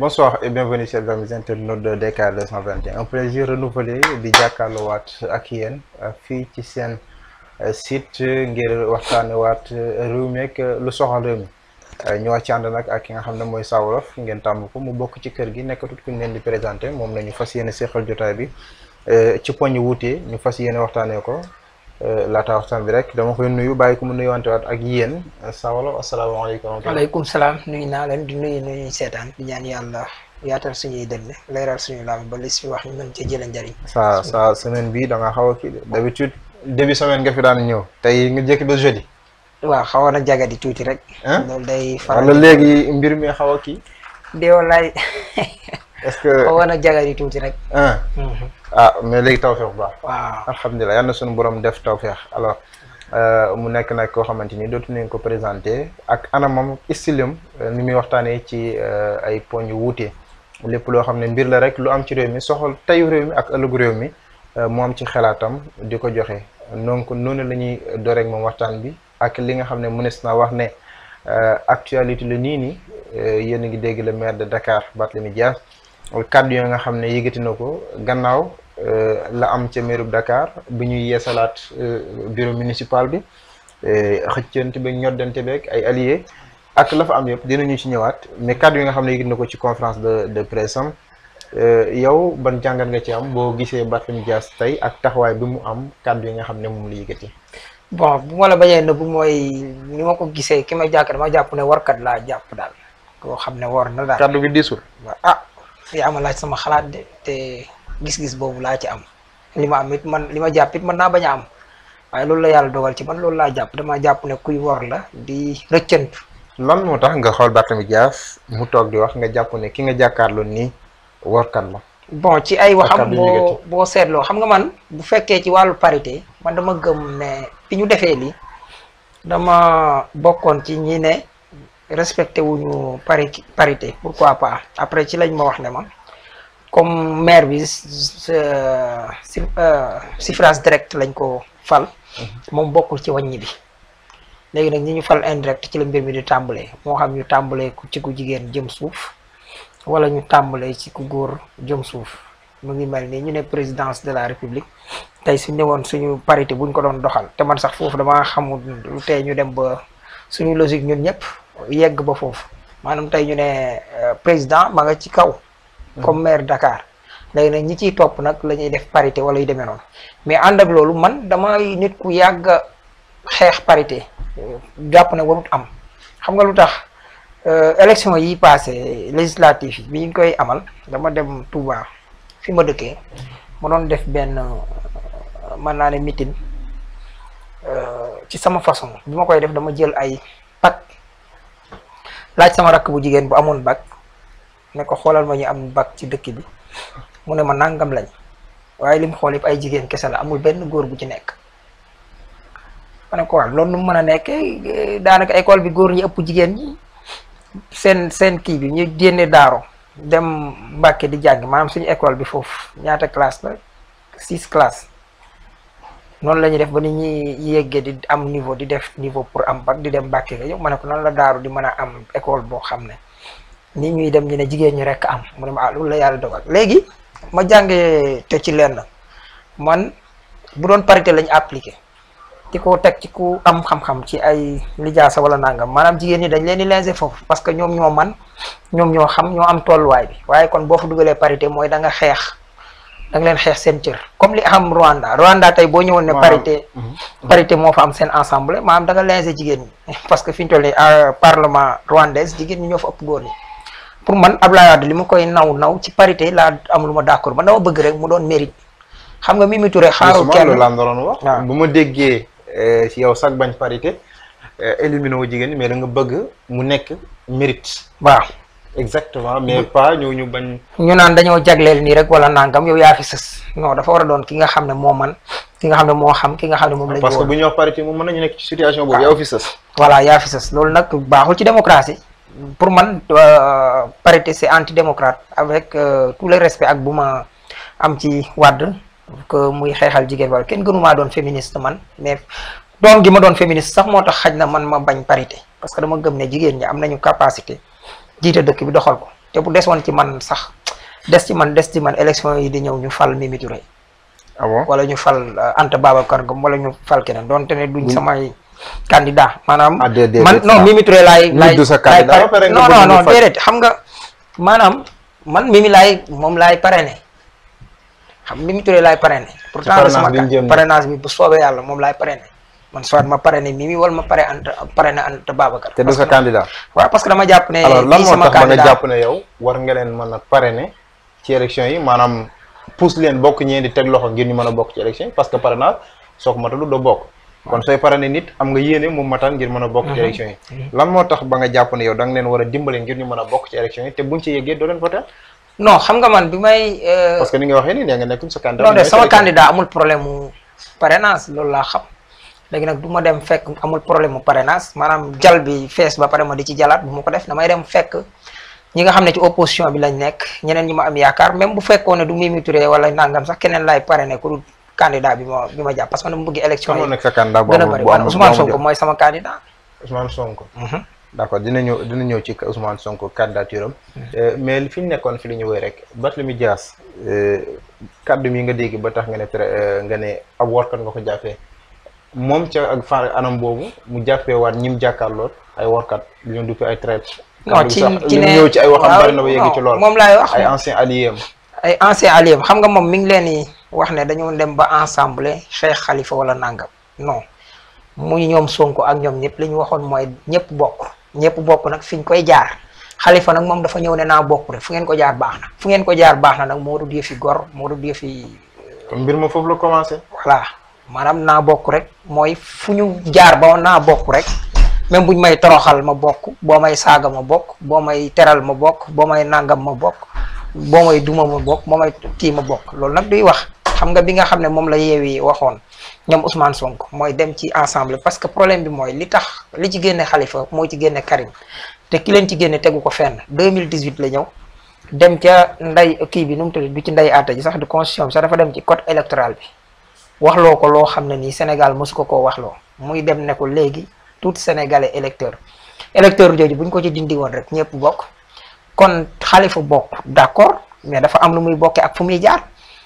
Bonsoir et bienvenue chers amis internautes de DKR 221 un plaisir bi di waat ak yéen euh, fii ci seen euh, site ngir waxtaanewaat euh, réew mi ak lu soxal réew mi ñoo ci nag ak ki nga xam ne mooy Saa Wolof ngeen tàmm ko mu bokk ci kër gi nekk ku ñu leen di présenté moom la ñu fas yéene seqal jotaay bi ci poñ wuute ñu fas yéene waxtaanee ko Euh, laataa waxtaan bi rek dama koy nuyu bàyyi ko mu nuyuwantewaat ak yéen saa wala asalaamaaleykum. waaleykum salaam nuyu naa leen di nuyu nuyu seetaan di ñaan yàlla yaatal suñuy dënn leeral suñu laam ba li si wax ñu mën cee jëlee njëriñ. saa saa semaine bi da nga xaw a kii d'habitude début semaine nga fi daan ñëw tey nga jékki ba jeudi. waaw xawoon na di tuuti rek. loolu day faral wala léegi mbir mi xaw a kii. deewalaay. est ce que xawoon a jagar yi tuuti rek. Ah. Mm-hmm. ah mais léegi tawféex bu baax. waaw alhamdulilah yal na sunu borom def tawféex alors euh, mu nekk nag koo xamante ni dootu nañ ko présenté ak anamam istilam euh, ni muy waxtaanee ci euh, ay poñ yu wuute lépp loo xam ne mbir la rek lu am ci réew mi soxal teyu réew mi ak ëllëgu réew mi mu am ci xalaatam di ko joxe donc noonu la ñuy doreeg moom waxtaan bi ak li nga xam ne mënees naa wax ne actualité la nii nii yéen a ngi dégg le maire de Dakar Barthélémy Dias. kàddu yi nga xam ne yëgati na ko gannaaw euh, la am ca mairie bu Dakar bi ñuy yeesalaat euh, bureau municipal bi euh, xëccante beeg ñoddante beeg ay alliés ak la fa am yëpp dinañu ci ñëwaat mais kàddu yi nga xam ne yëgati na ko ci conférence de de yow ban jàngat nga ci am boo gisee Barthélémy Dias tey ak taxawaay bi mu am kàddu yi nga xam ne moom la yëgati. bon bu ma la bañee nëbb mooy ni ma ko gisee ki ma jàkk dama jàpp ne warkat laa jàpp daal koo xam ne war na daal. kàddu gi diisul ah, yaa ma laaj sama xalaat de te gis-gis boobu laa ci am li ma am it man li ma jàpp it naa bañ a am waaye loolu la yàlla dogal ci man loolu laa jàpp dama jàpp ne kuy wor la di rëccantu. lan moo tax nga xool Barthélémy Dias mu toog di wax nga jàpp ne ki nga jàkkaarloo nii workat la. bon ci ay waxam boo boo seetloo xam nga man bu fekkee ci wàllu parité man dama gëm ne bi ñu defee lii dama bokkoon ci ñi respecté wuñu pari parité pourquoi pas après ci lañ ma wax ne man comme maire bi euh, suffrage direct lañ ko fal mhm. moom bokkul ci wàññi bi léegi nag ñi ñu fal indirect ci la mbir mi di tàmbalee moo xam ñu tàmbalee ku ci ku jigéen jëm suuf wala ñu tàmbalee ci ku góor jëm suuf mu ngi mel ni ñu ne présidence de la république tey suñ ne woon suñu parité buñ ko doon doxal te man sax foofu dama xamul lu tey ñu dem ba suñu logique ñun ñëpp yegg ba foofu maanaam tey ñu ne euh, président ma nga ci kaw. Mhm. comme maire Dakar léegi nag ñi ciy topp nag la ñuy def parité wala yu demee noonu mais ànd ak loolu man dama nit ku yàgg xeex parité euh, jàpp na warut am xam nga lu tax euh, élection yi passé législative yi bi ñu koy amal dama dem Touba fi ma dëkkee ma doon def benn mën naa ne meeting ci sama façon bi ma koy def dama jël ay pat laaj sama rakk bu jigéen bu amoon bac ne ko xoolal ma ñu am bac ci dëkk bi mu ne ma nangam lañ waaye lim xool yi ay jigéen kese la amul benn góor bu ci nekk ma ne loolu nu mën a nekkee daanaka école bi góor ñi ëpp jigéen seen seen kii bi ñu génne daaro dem Mbàkke di jàng maanaam suñu école bi foofu ñaata classe la six classes noonu la ñuy def ba ni ñuy yeggee di am niveau di def niveau pour am bag di dem Mbàkke nga yëpp ma ne ko noonu la daaru di mën a am école boo xam ne ni ñuy dem ñu jigéen ñi rek am mu ne ah, loolu la yàlla dogal léegi ma jàngee ci lenn man bu doon parité lañ appliqué di ko teg ci ku am xam-xam ci ay lijaasa wala nangam maanaam jigéen ñi dañ leen di linge foofu parce que ñoom ñoo man ñoom ñoo xam ñoo am tolluwaay bi waaye kon boo fa dugalee parité mooy da nga xeex da nga leen xeex seen cër comme li am Rwanda Rwanda tey boo ñëwoon ne parité mhm. parité moo fa am seen ensemble maanaam da nga linge jigéen ñi parce que fi ñu toll euh, parlement rwandaise jigéen ñi ñoo fa ëpp góor pour man Abdoulaye Wade li mu koy naw naw ci parité laa am lu ma d'accord man dama bëgg rek mu doon mérite xam nga Mimi Touré xaarul kenn la doon wax bu ma déggee euh, ci yow sax bañ parité euh, éliminer wu jigéen ñi mais da nga bëgg mu nekk mérite ba exactement mais pas ñu bañ. ñu naan dañoo jagleel nii rek wala nangam yow yaa fi sës non dafa war a doon ki nga xam ne moo man ki nga xam ne moo xam ki nga xam ne moom lañ. parce que bu ñu wax parité moom mën nañu nekk ci situation boobu yaa fi sës. voilà yaa fi sës loolu nag baaxul ci démocratie pour man euh, parité c'est anti démocrate avec euh, tout les respect ak bu ma am ci wadd que muy xeexal jigéen wala kenn gënumaa doon féministe man mais doon gi ma doon féministe sax moo tax xaj na man ma bañ parité parce que dama gëm ne jigéen ñi am nañu capacité. jiite dëkk bi doxal ko te bu des woon ci man sax des ci man des ci man élection yi di ñëw ñu fal Mimi Touré. ah wala ñu fal euh, Anta Babacar Ngom wala ñu fal keneen donte ne duñ samay. candidat maanaam. Ah, man non ah. Mimi Touré laay. laay laay non non non xam nga maanaam man Mimi laay moom laay parrainé xam Mimi Touré laay parrainé. pourtant parrainage bi bu soobee yàlla moom laay parrainé. man soit ma pare ne Mimi wala ma pare Anta pare na Anta Babacar. te du sa candidat. waaw parce que dama jàpp ne. alors lan moo tax ba nga jàpp ne yow war nga leen a pare ne yi maanaam pousse leen bokk ñeen di teg loxo ngir ñu mën a bokk ci élection yi parce que pare naa soo ko matalu doo bokk. kon sooy pare ne nit am nga yéene mu a bokk ci mhm. élection moo tax ba nga jàpp ne yow leen war dimbale ngir ñu mën a bokk ci élection yi te buñ ci yeggee doo leen voté. non xam nga man bi may. Euh, parce que ni nga waxee nii nga nekkum sa candidat. amul problème mu parrainage loolu laa xam léegi nag du ma dem fekk amul problème mu parrainage maanaam jal bi fees ba pare ma di ci jalaat bu ma ko def damay dem fekk ñi nga xam ne ci opposition bi lañ nekk ñeneen ñi ma am yaakaar même bu fekkoon ne du Mimi Touré wala nangam sax keneen laay pare ne dul candidat bi ma bi ma jàpp parce que man dama bëgg élection yi gën a bëri man Ousmane Sonko mooy sama candidat Ousmane mhm. dina ñëw dina ñëw ci Ousmane Sonko candidature mhm. euh, mais fi ñu nekkoon fi li ñu wéy rek Barthélémy Dias euh, kaddu mi nga dégg ba tax nga ne euh, nga ne ab woorkat nga ko jàppee moom ca ak fa anam boobu mu jàppee waat ñi mu jàkkaarloo ay workat lu ñu duppee ay traître. non ci ci ne ñëw ay waxam bari ci lool moom laay wax ay ancien alliés ay xam nga moom mi ngi leen di wax ne dañoo dem ba ensemble Cheikh Khalifa wala nangam non muy ñoom Sonko ak ñoom ñëpp li ñu waxoon mooy ñëpp bokk ñëpp bokk nag fi ñu koy jaar. xalifa nag moom dafa ñëw ne naa bokk rek fu ngeen ko jaar baax na fu ngeen ko jaar baax na nag moo dul yëfi gor moo dul fi mbir ma foofu la commencé. voilà maanaam naa bokk rek mooy fu ñu jaar ba naa bokk rek même ñu may toroxal ma bokk boo may saaga ma bokk boo may teral ma bokk boo may nangam ma bokk boo may duma ma bokk boo may tii ma bokk loolu nag duy wax xam nga bi nga xam ne moom la yeewi waxoon ñoom Ousmane Sonko mooy dem ci ensemble parce que problème bi mooy li tax li ci génne xalifa mooy ci génne Karim te ki leen ci génne tegu ko fenn 2018 la ñëw dem ca nday kii bi nu mu tudd du ci nday aata ji sax du constitution dem ci code électoral bi waxloo ko loo xam ne nii Sénégal su ko koo waxloo muy dem ne ko léegi tout sénégalais électeur électeur jooju bu ñu ko ci dindi woon rek ñëpp bokk kon xalifa bokk d'accord mais dafa am lu muy bokkee ak fu muy jaar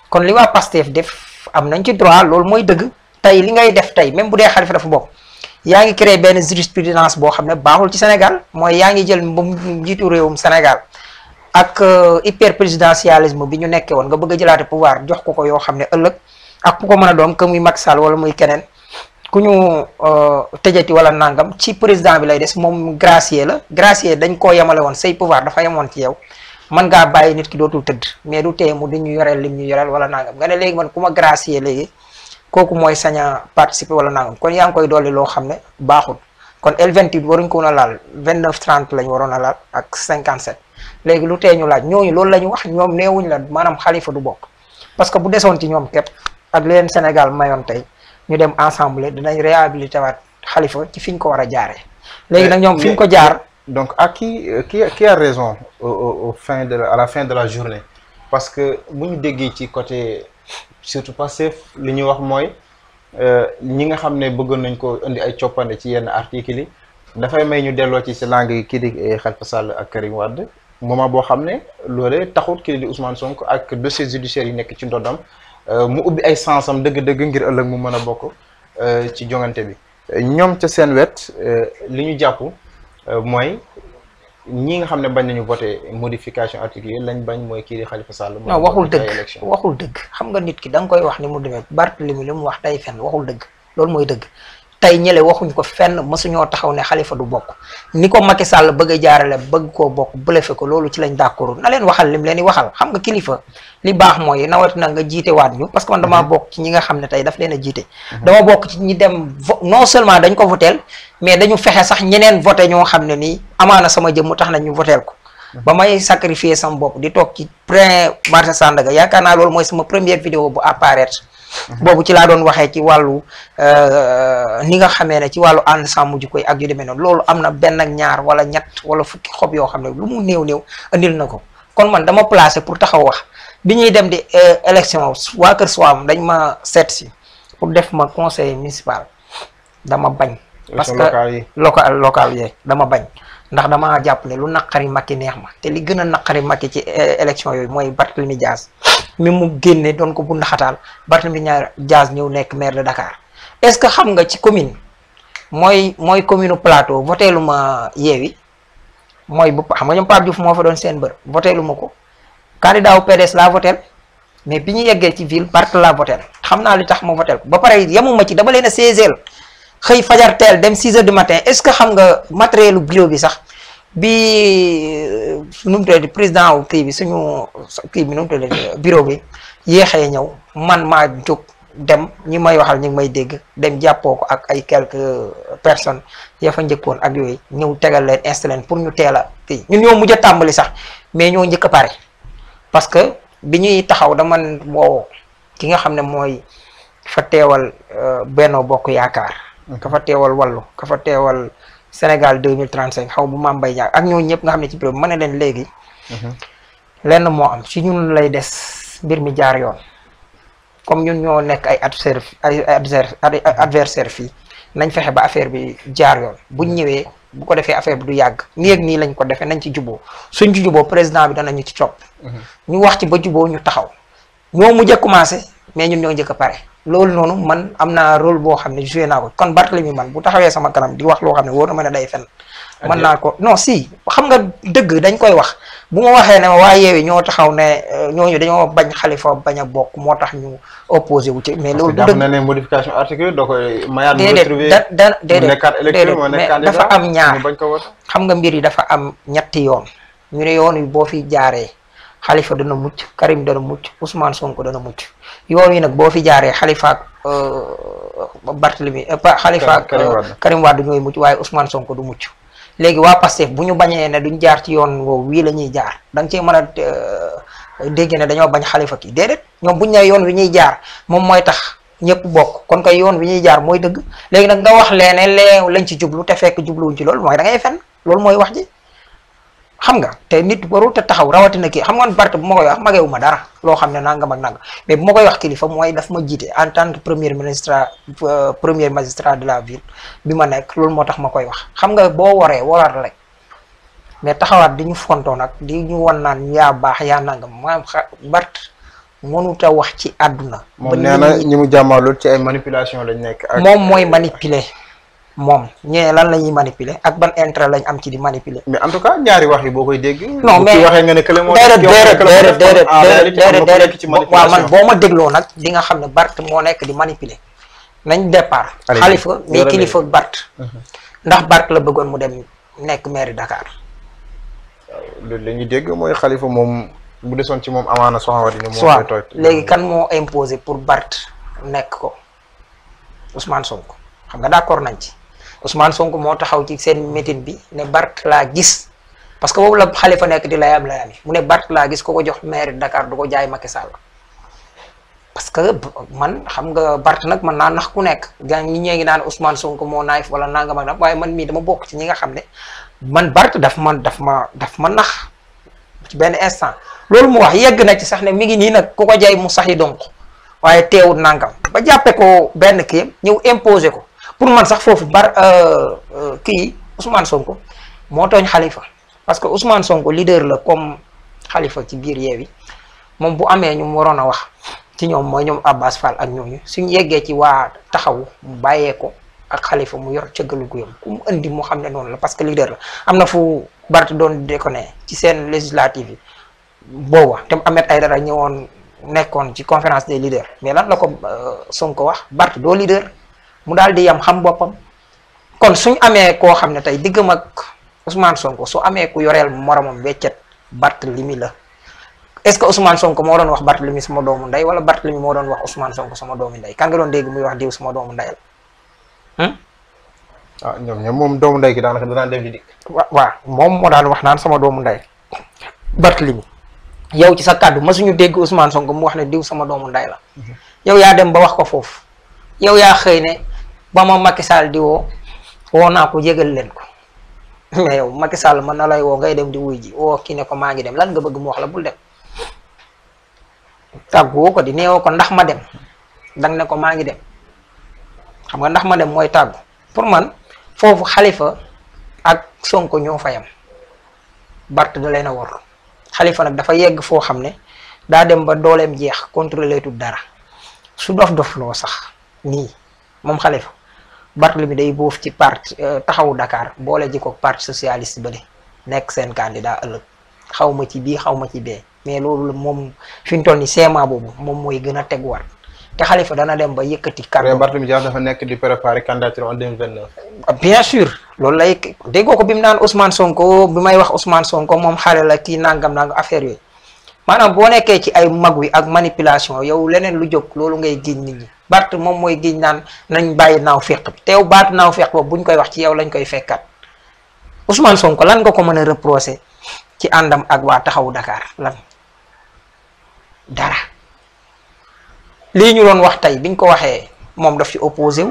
kon li waa Pastef def am nañ ci droit loolu mooy dëgg tey li ngay def tey même bu dee xalifa dafa bokk yaa ngi créé benn jurisprudence boo xam ne baaxul ci Sénégal mooy yaa ngi jël mbum njiitu réewum Sénégal ak euh, hyper présidentialisme bi ñu nekkee woon nga bëgg a jëlaate jox ko ko yoo xam ne ëllëg ak ku ko mën a doon que muy Macky Sall wala muy keneen ku ñu euh, tëjati wala nangam ci président bi lay des moom gracier la gracier dañ koo yemale woon say pouvoir dafa yemoon ci yow mën ngaa bàyyi nit ki dootul tëdd mais du teye mu ñu yoreel lim ñu yoreel wala nangam nga léegi man ku ma gracier léegi kooku mooy sañ a participer wala nangam kon yaa ngi koy dolli loo xam ne baaxul kon L28 waruñ ko woon a laal 29 30 lañ waroon a laal ak 57 léegi lu tee ñu laaj ñooñu loolu la ñu wax ñoom wuñ la maanaam xalifa du bokk parce que bu desoon ci ñoom képp ak leen Sénégal mayoon tey ñu dem ensemble dinañ réhabilité waat xalifa ci fi ko war a jaaree. léegi nag ñoom fiñ ko jaar. donc ak ki ki qui a raison au, fin de la, à fin de la journée parce que bu ñu déggee ci côté surtout passif li ñuy wax mooy euh, ñi nga xam ne bëggoon nañ ko indi ay coppande ci yenn articles yi dafay may ñu delloo ci si langue yi kii di eh, Khalifa Sall ak Karim Wade moment boo xam ne loole taxut kii di Ousmane Sonko ak dossier judiciaire yi nekk ci ndodam Euh, mu ubbi ay sens dëgg-dëgg ngir ëllëg mu mën a bokk euh, ci jongante bi ñoom ca seen wet euh, li ñu jàpp mooy ñi nga xam ne bañ nañu voté modification article yi lañ bañ mooy kii xalifa Khalifa Sall. non waxul dëgg waxul dëgg xam nga nit ki da koy wax ni mu demee Barthélemy li mu wax day fenn waxul dëgg loolu mooy dëgg. tey ñële waxuñ ko fenn mësuñoo taxaw ne xalifa du bokk ni ko Macky Sall bëgg a jaarale bëgg koo bokk bëlefe ko loolu ci lañ d'accord na leen waxal lim leen di waxal xam nga kilifa li baax mooy nawet na nga jiite waat ñu parce que man mhm. bokk ci ñi nga xam ne daf leen jiite mhm. dama bokk ci ñi dem non seulement dañ ko voteel mais dañu fexe sax ñeneen voté ñoo xam ne nii amaana sama jëm mu tax nañ ñu voteel ko mhm. ba may sacrifier sama bopp di toog ci pré Martin Sandaga yaakaar naa loolu mooy sama première vidéo bu apparaître Mhm. boobu ci laa doon waxee ci wàllu euh, ni nga xamee ne ci wàllu ànd mu ji koy ak yu demee noonu loolu am na benn ñaar wala ñett wala fukki xob yoo xam ne lu mu néew néew andil na ko kon man dama placé pour taxaw wax bi ñuy dem di euh, élection waa Kër Soam dañ ma seet pour def ma conseil municipal dama bañ. parce que local local yeeg dama bañ. ndax damaa jàppale lu naqari makki neex ma te li gën a naqari Macky ci eh, élection yooyu mooy Barthélemy Diaz mi mu génne doon ko bu naxataal ñaar jaas ñëw nekk maire de Dakar est-ce que xam nga ci commune mooy mooy commune Plateau voteelu ma Yewwi mooy bu xam nga ñoom Pape Diouf moo fa doon seen bër voteelu ma ko candidat wu PDS laa votel mais bi ñu yeggee ci ville Barth laa votel xam naa li tax ma votel ko ba pare yemuma ci dama leen a saisel xëy fajar teel dem 6 heures du matin ce que xam nga matérielu bureau bi sax bi nu mu tuddati président wu pii bi suñu kii bi nu mu tuddati bureau bi yéexee ñëw man maa jóg dem ñi may waxal ñu ngi may dégg dem jàppoo ko ak ay quelques personne ya fa njëkkoon ak yooyu ñëw tegal leen pour ñu teel a kii ñun ñoo mujj a tàmbali sax mais ñoo njëkk a pare parce que bi ñuy taxaw daman woo ki nga xam ne mooy fa teewal euh, Benno Bokk Yaakaar. ka teewal Wallu ka teewal. Sénégal deux mille trente xaw bu maam bay ñaar ak ñooñu ñëpp nga xam ne ci problème ma leen léegi. Mhm. lenn moo am si ñun lay des mbir mi jaar yoon comme ñun ñoo nekk ay adver ay adversaire fii nañ fexe ba affaire bi jaar yoon buñ mhm. ñëwee bu ko defee affaire bi du yàgg nii ak nii lañ ko defee nañ ci juboo suñ ci juboo président bi ñu ci topp. Mhm. ñu wax ci ba juboo ñu taxaw ñoo mujjee commencé. mais ñun ñoo jëkk a pare loolu noonu man am naa rôle boo xam ne joué naa ko kon Barthélemy man bu taxawee sama kanam di wax loo xam ne wóor na ma ne day fen mën naa ko non si xam nga dëgg dañ koy wax bu waxee ne ma waa yeewi ñoo taxaw ne euh, ñooñu dañoo bañ xalifa bañ a bokk moo tax ñu opposé wu ci mais loolu du dëgg na ne modification article da koy mayaat déedéet da déedéet déedéet mais dafa am ñaar xam nga mbir yi dafa am ñetti yoon ñu ne yoon wi boo fi jaaree xalifa dana mucc Karim dana mucc Ousmane Sonko dana mucc yoon wi nag boo fi jaaree xalifaak euh, Barthélemy xalifaak euh, euh, Karim Wade ñooy mucc waaye Ousmane sonk du mucc léegi waa Pastef bu ñu bañee ne duñ jaar ci yoon woowu wii la ñuy jaar da nga cee mën a dégg ne dañoo bañ xalifa kii déedéet ñoom buñ ne yoon wi ñuy jaar moom mooy tax ñëpp bokk kon koy yoon wi ñuy jaar mooy dëgg léegi nag nga wax lee ne lee lañ ci jublu te fekk jubluwuñ ci loolu mooy da ngay loolu mooy wax ji xam nga te nit warul te taxaw rawatina kii xam nga Barth bu ma koy wax mageewu ma dara loo xam ne nangam ak nangam ma koy wax kilifa mooy daf ma jiite en tant que premier ministre euh, premier magistrat de la ville bi ma nekk loolu moo tax ma koy wax xam nga boo waree warar rek mais taxawaat di ñu fontoo nag di ñu won naan yaa baax yaa nangam maam Barth mënut a wax ci àdduna. moom nee na ñi mu jàmmalul ci ay lañ nekk. ak moom mooy manipuler. moom ñee lan la ñuy manipuler ak ban intérêt lañ am ci di manipuler. mais en tout cas ñaari wax yi boo koy dégg. non mais bu ci waxee nga ne kële moo. déedéet déedéet déedéet déedéet waaw man boo ma dégloo nag di nga xam ne Bart moo nekk di manipuler nañ départ. xalifa mi kilifa Bart. Uh-huh. ndax Bart la bëggoon mu dem nekk maire dakaar loolu la ñuy dégg mooy xalifa moom bu desoon ci moom amaana soxna dina moo koy toj léegi kan moo imposé pour Bart nekk ko Ousmane ko xam nga d'accord nañ ci. Ousmane Sonko moo taxaw ci seen meeting bi Bart laa gis parce que boobu la Khalifa nekk di layam layam yi mu ne Bart laa gis ko ko jox maire Dakar du ko jaay Macky Sall parce que man xam nga Bart nag mën naa nax ku nekk gaa ñi ñee ngi naan Ousmane Sonko moo naayif wala nangam a nag waaye man dama bokk ci nga xam ne man Bart daf man daf ma daf ma nax ci benn instant loolu mu wax yegg na ci sax ne mi ngi nii nag koo ko jaay mu sax yi donc waaye teewul nangam ba jàppee ko benn kii ñëw imposé ko. pour man sax foofu bar euh, euh, kii Ousmane Sonko moo tooñ xalifa parce que Ousmane Sonko leader la comme xalifa ci biir Yewwi moom bu amee ñu waroon a wax ci ñoom mooy ñoom Abbas Fall ak ñooñu suñu yeggee ci waa taxaw mu bàyyee ko ak Khalifa mu yor cëggalu guyam ku mu indi mu xam ne noonu la parce que leader la am na fu Bart doon déconné ci seen législative yi booba te Ahmed Aïdara ñëwoon nekkoon ci conférence des leaders mais lan la ko euh, Sonko wax Bart doo leader. mu daal di yam xam boppam kon suñ amee koo xam ne tey diggam ak Ousmane sonk su amee ku yoreel moromam weccet Barthélemy la est-ce que Ousmane Sonko moo doon wax Barthélemy sama doomu ndey wala Barthélemy moo doon wax Ousmane Sonko sama doomu ndey kan nga doon wax diw sama doomu ndey la. Hmm? Ah, ñoom ñoom moom doomu ndey gi daanaka danaan def di dikk. wa waaw moom moo daan wax sama doomu ndey Barthélemy yow ci sa kàddu masuñu dégg Ousmane Sonko mu wax ne diw sama doomu ndey la mhm. yow yaa dem ba wax ko foofu yow yaa xëy ne. ba ma Macky Sall di woo woo naa ko yëgal leen ko mais yow Macky Sall mën na lay woo ngay dem di wuy ji woo kii ne ko maa ngi dem lan nga bëgg mu wax la bul dem tàgguwoo ko di neewoo ko ndax ma dem dang ne ko maa ngi dem xam nga ndax ma dem mooy tàggu pour man foofu xalifa ak Sonko ñoo fayam Barth da leen a war xalifa nag dafa yegg foo xam ne daa dem ba dooleem jeex contrôlé tout dara su dof dof loo sax nii moom xalifa Barthélemy day boof ci parti euh, taxawu dakaar boole ji ko parti ba bële nekk seen candidat ëllëg xaw ma ci bii xaw ma ci bee mais loolu moom fi mu toll nii seema boobu moom mooy gën a teguwaat te Khalifa dana dem ba yëkkati. kàddu Barthélemy dafa nekk di préparer candidature en 2029. Ah, bien sûr loolu lay déggoo ko bi mu naan Ousmane Sonko bi may wax Ousmane Sonko moom xale la kii nangam nangam affaire yooyu maanaam boo nekkee ci ay mag wi ak manipulation yow leneen lu jóg loolu ngay giñ nit ñi. Bart moom mooy giiñ naan nañ bàyyi naaw féq bi teew baatu naaw féq ba ñu koy wax ci yow lañ koy fekkat Ousmane Sonko lan nga ko mën a reprocher ci àndam ak waa taxawu Dakar lan dara lii ñu doon wax tey biñ ko waxee moom daf ci opposé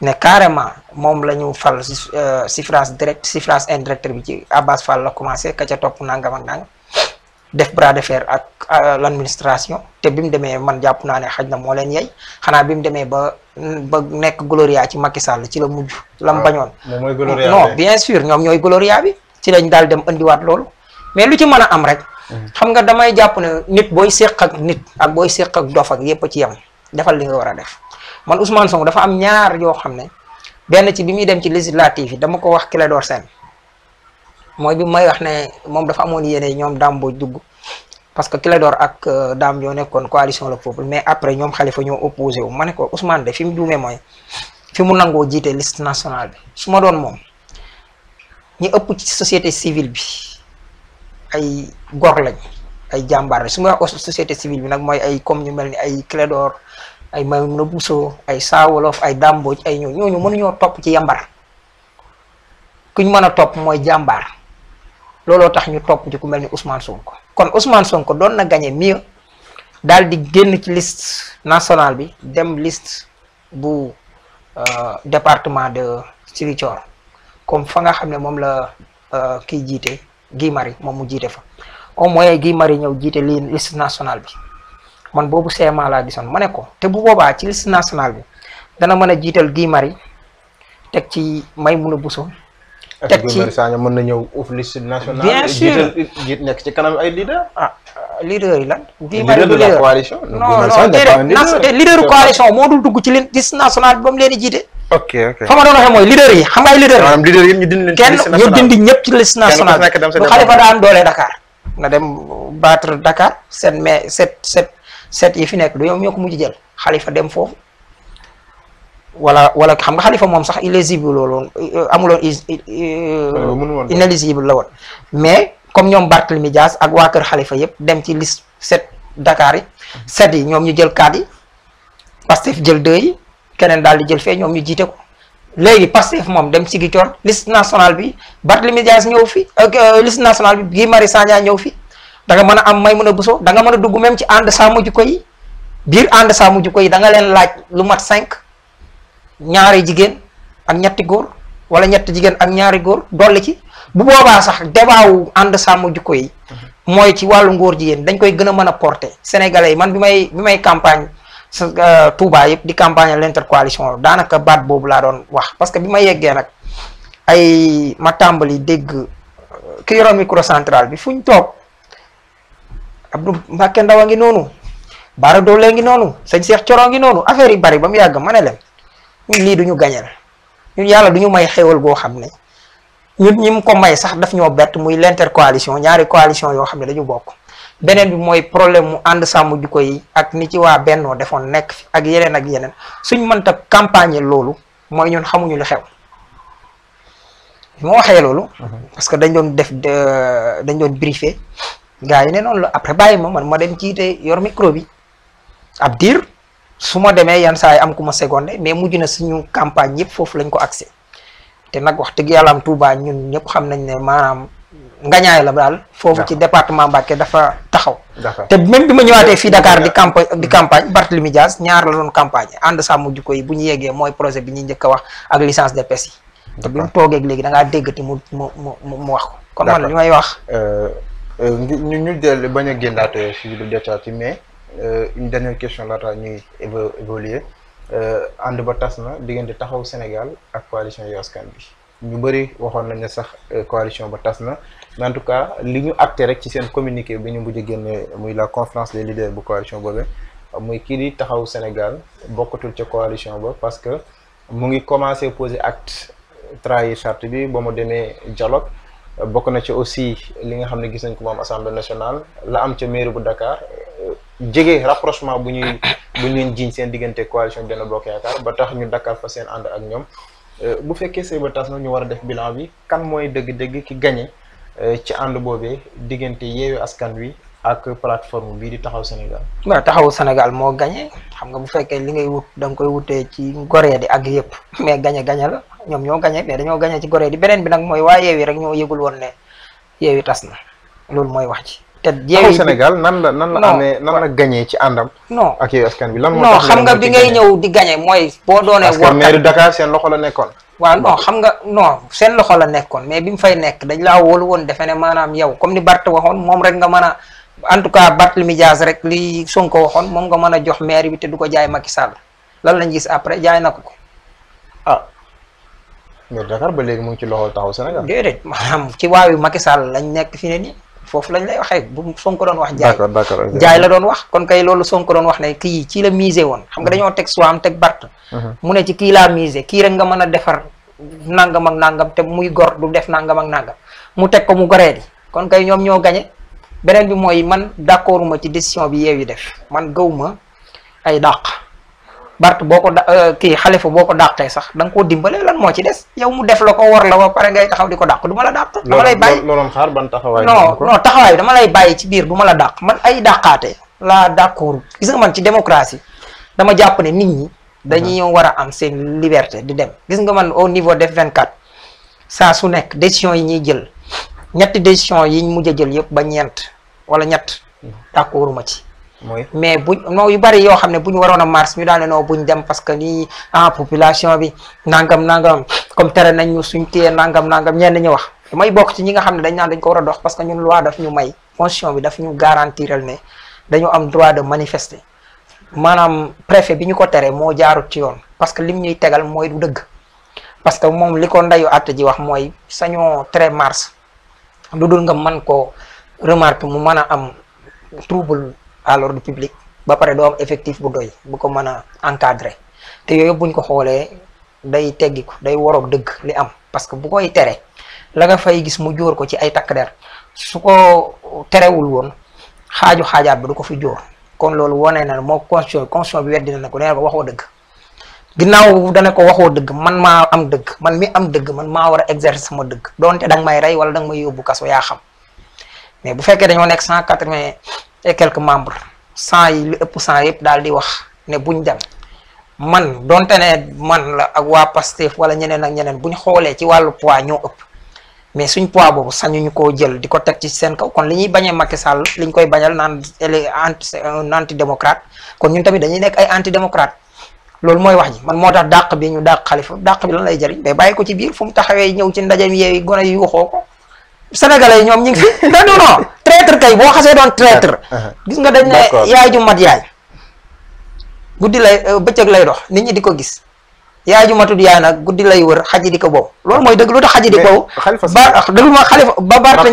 ne carrément moom la ñu fal euh, suffrage direct suffrage indirect bi ci Abbas Fall la commencé ka ca topp nangam ak nangam def bras de fer ak euh, l' administration te bi mu demee man jàpp naa ne xaj na moo leen yey xanaa bi mu demee ba ba nekk gloria ci Macky Sall ci la mujj. la mu ah, bañoon non bien sûr ñoom ñooy gloria bi ci lañ daal dem indiwaat loolu mais lu ci mën a am rek. Mm-hmm. xam nga damay jàpp ne nit booy séq ak nit ak booy séq ak dof ak yépp ci yem defal li war a def man Ousmane Sonko dafa am ñaar yoo xam ne benn ci bi muy dem ci législative yi dama ko wax Clédor seen mooy bi may wax ne moom dafa amoon yéene ñoom Dame Mbodj dugg parce que Clédor ak euh, Dame ñoo nekkoon coalition la peuple mais après ñoom Khalifa ñoo opposé wu ma ne ko Ousmane de fi mu mooy fi mu nangoo jiitee liste nationale bi su ma doon moom ñi ëpp ci société civile bi ay gor lañ ay jàmbaar lañ su ma wax société civile bi nag mooy ay comme ñu mel ni ay Clédor ay Maïmouna Bousso ay Saawolof ay Dame Mbodj ay ñoo ñooñu mënuñoo topp ci yambar kuñ mën a topp mooy jàmbaar looloo tax ñu topp ci ku mel ni Ousmane Sonko kon Ousmane Sonko doon na gagné mieux daal di génn ci liste nationale bi dem liste bu euh, département de Ziguinchor comme fa nga xam ne moom la euh, kii jiite Guy Marie moom mu jiite fa au moins Guy Marie ñëw jiite lii liste nationale bi man boobu CMA laa gisoon ma ne ko te bu boobaa ci liste nationale bi dana mën a jiital Guy Marie teg ci Maïmouna Bousso teg ci mën na ñëw uuf liste nationale. bien sûr jiit nekk ci kanam ay leader ah leader yi lan. bii bari leader de la coalition. non non déedéet leader coalition moo dul dugg ci leen liste nationale bi ba mu leen di jiite. ok ok fa ma doon waxee yi xam nga ay leader. maanaam leader yëpp kenn ñu dindi ñëpp ci liste nationale. bu Khalifa daan doole Dakar. na dem battre Dakar set mais set set set yi fi nekk du yow ñoo ko mujj jël Khalifa dem foofu. wala wala xam nga xalifa moom sax inéligible looloon amuloon inéligible la woon mais comme ñoom Barthélemy Dias ak waa kër xalifa yëpp dem ci liste set dakaar yi set yi ñoom ñu jël kaat yi Pastef jël deux keneen daal di jël fee ñoom ñu jiite ko léegi Pastef moom dem ci Ziguinchor liste nationale bi Barthélemy Dias ñëw fi euh, liste national bi Guy Marius Sagna ñëw fi danga nga mën a am may mun a buso da nga mën a dugg même ci ànd saamu jikko yi biir ànd mujj ko yi da nga leen laaj lu mat cinq ñaari jigéen ak ñetti góor wala ñetti jigéen ak ñaari góor dolli ci bu boobaa sax débat wu ànd sàmm jikko yi mooy ci wàllu ngóor jigéen dañ koy gën a mën a porter sénégalais yi man bi may bi may campagne sa euh, Touba yëpp di campagne l'intercoalition daanaka baat boobu laa doon wax parce que bi ma yeggee nag ay ma tàmbali dégg euh, ki yoroon microcentral bi fu ñu toog Abdou Mbacke Ndaw a ngi noonu Bara Doole ngi noonu sëñ Cheikh Coro ngi noonu affaire yi bari ba mu yàgg man ne ñun lii duñu gañal ñu yàlla duñu may xéwal goo xam ne ñun ñi ko may sax daf ñoo bett muy l'intercoalition ñaari coalition yoo xam ne dañu bokk beneen bi mooy problème mu ànd sàmm jikko yi ak ni ci waa bennoo defoon nekk ak yeneen ak yeneen suñ mënta campagne loolu mooy ñun xamuñu li xew moo waxee loolu mhm. parce que dañ doon def dañ doon briefé gaa yi ne noonu la après bàyyi ma ma dem jiite yor micro ab diir su ma demee yan saa am ku ma secondé mais mujj na si suñu campagne yëpp foofu lañ ko accès te nag wax dëgg yàlla am Touba ñun ñëpp xam nañ ne maanaam ngañaay la daal foofu ci département Mbacké dafa taxaw te même bi ma ñëwaatee fii Dakar di camp di hmm. campagne Barthélemy Dias ñaar la doon campagne ànd sàmm jikko yi bu ñu yeggee mooy projet bi ñuy njëkk a wax ak licence de pêche yi te bi mu toogeeg léegi dangaa déggati mu mu mu mu wax ko kon man li may wax euh, euh, ñu ñu del bañ a génnaat fii du détaati mais Euh, une question question laata ñuy évo évoluer euh, ànd ba tas na diggante taxaw Sénégal ak coalition Yewwi Askan bi ñu bëri waxoon nañ ne sax euh, coalition ba tas na mais tout cas li ñu acte rek ci seen communiqué bi ñu mujj génne muy la conférence des leaders bu coalition boobee muy kii di taxaw Sénégal bokkatul ca coalition ba parce que mu ngi commencé poser acte trahir charte bi ba mu demee dialogue bokk na ci aussi li nga xam ne gis nañ ko moom assemblée nationale la am ca mairie bu Dakar jege rapprochement bu ñuy bu ñu leen jiiñ seen diggante coalition Benno Bokk Yaakaar ba tax ñu dakkal fa seen ànd ak ñoom euh, bu fekkee sëy ba tas na ñu war a def bilan bi kan mooy dëgg-dëgg ki gañe euh, ci ànd boobee diggante yeewu askan wi ak plateforme bii di taxaw Sénégal. waaw taxawu Sénégal moo gañe xam nga bu fekkee li ngay wut da koy wutee ci goree ak yëpp mais gañe gañe la ñoom ñoo gañe mais dañoo gañe ci goree beneen bi nag mooy waaye yeewi rek ñoo yëgul woon ne yeewi tas na loolu mooy wax ci te yeewi Sénégal nan la nan la amee nan la gañee ci àndam. no ak bi lan moo xam nga bi ngay ñëw di gañe mooy boo doonee wóorkat parce Dakar seen loxo la nekkoon. waa non xam nga non seen loxo la nekkoon mais bi mu fay nekk dañ laa wóolu woon defe maanaam yow comme ni Bart waxoon moom rek nga mën a en tout cas li Dias rek li Sonko waxoon moom nga mën a jox maire bi te du ko jaay Macky Sall lan lañ gis après jaay na ko ko ah. maire Dakar ba léegi mu ci loxol taxaw Sénégal. déedéet maanaam ci waayu Macky lañ nekk fi ne nii. foofu lañ lay waxee bu Sonko doon wax jaay jaay la doon wax kon kay loolu Sonko doon wax ne kii ci la misé woon xam nga mhm. dañoo teg suwaam teg bart mhm. mu ne ci kii laa misé kii rek nga mën a defar nangam ak nangam te muy gor du def nangam ak nangam mu teg ko mu goree di kon kay ñoom ñoo gañe beneen bi mooy man d'accorduma ci décision bi yeew yi def man gawuma ay dàq Bart boo ko da euh, kii xalifa boo ko dàqee sax da nga koo dimbale lan moo ci des yow mu def la ko war la ba pare ngay taxaw di ko dàq du ma la dàq. dama lay bàyyi looloon xaar ban taxawaay. non non taxawaay bi dama lay bàyyi ci biir du ma la dàq man ay dàqaate laa d'accord gis nga man ci démocratie dama jàpp ne nit ñi. dañuy mhm. war a am seen liberté di dem gis nga man au niveau vingt 24 saa su nekk décision yi ñuy jël ñetti décision yi mujj a jël yëpp ba ñeent wala ñett mhm. d'accorduma ci. mais bu non yu bari yoo xam ne bu ñu waroon a mars ñu daal ne non buñ dem parce que lii ah population bi nangam nangam comme tere nañ suñ téye nangam nangam ñenn ñu wax damay bokk ci ñi nga xam ne dañ naan dañ ko war a dox parce que ñun loi daf ñu may constitution bi daf ñu garantiral ne dañu am droit de manifester maanaam préfet bi ñu ko tere moo jaarut ci yoon parce que lim ñuy tegal mooy du dëgg parce que moom li ko ndeyu àtt ji wax mooy sañoo tere mars lu dul nga mën ko remarque mu mën a am trouble à l'ordre public ba pare doo am effectif bu doy bu ko mën a encadrer te yooyu yëpp buñ ko xoolee day teggiku day waroog dëgg li am parce que bu koy teree la nga fay gis mu jóor ko ci ay takk der su ko terewul woon xaaju xaajaat bi du ko fi jóor kon loolu wane na moo constitution constitution bi weddi na ko nee na waxoo dëgg ginnaaw dana ko waxoo dëgg man maa am dëgg man mi am dëgg man maa war a exercer sama dëgg donte dang may rey wala danga may yóbbu kaso yaa xam mais bu et quelques membres cent yi li ëpp cent yëpp daal di wax ne buñ dem man donte ne man la ak waa Pastef wala ñeneen ak ñeneen bu ñu xoolee ci wàllu poids ñoo ëpp mais suñ poids boobu sañuñu koo jël di ko teg ci seen kaw kon li ñuy bañee Macky Sall li ñu koy bañal naan elle est un anti démocrate kon ñun tamit dañuy nekk ay anti démocrate loolu mooy wax ji man moo tax dàq bi ñu dàq Xalifa dàq bi lan lay jëriñ mais bàyyi ko ci biir fu mu taxawee ñëw ci ndaje yeewi gone yu sénégalais yi ñoom ñu ngi fi non non non kay boo xasee doon traître. Ah, ah, ah. gis nga dañ ne yaay ju mat yaay. guddi lay euh, bëccëg lay dox nit ñi di ko gis yaay ju matut yaay nag guddi lay wër xaji ko boobu loolu mooy dëgg tax xaji di ko ba déglu ma xalifa ba Barth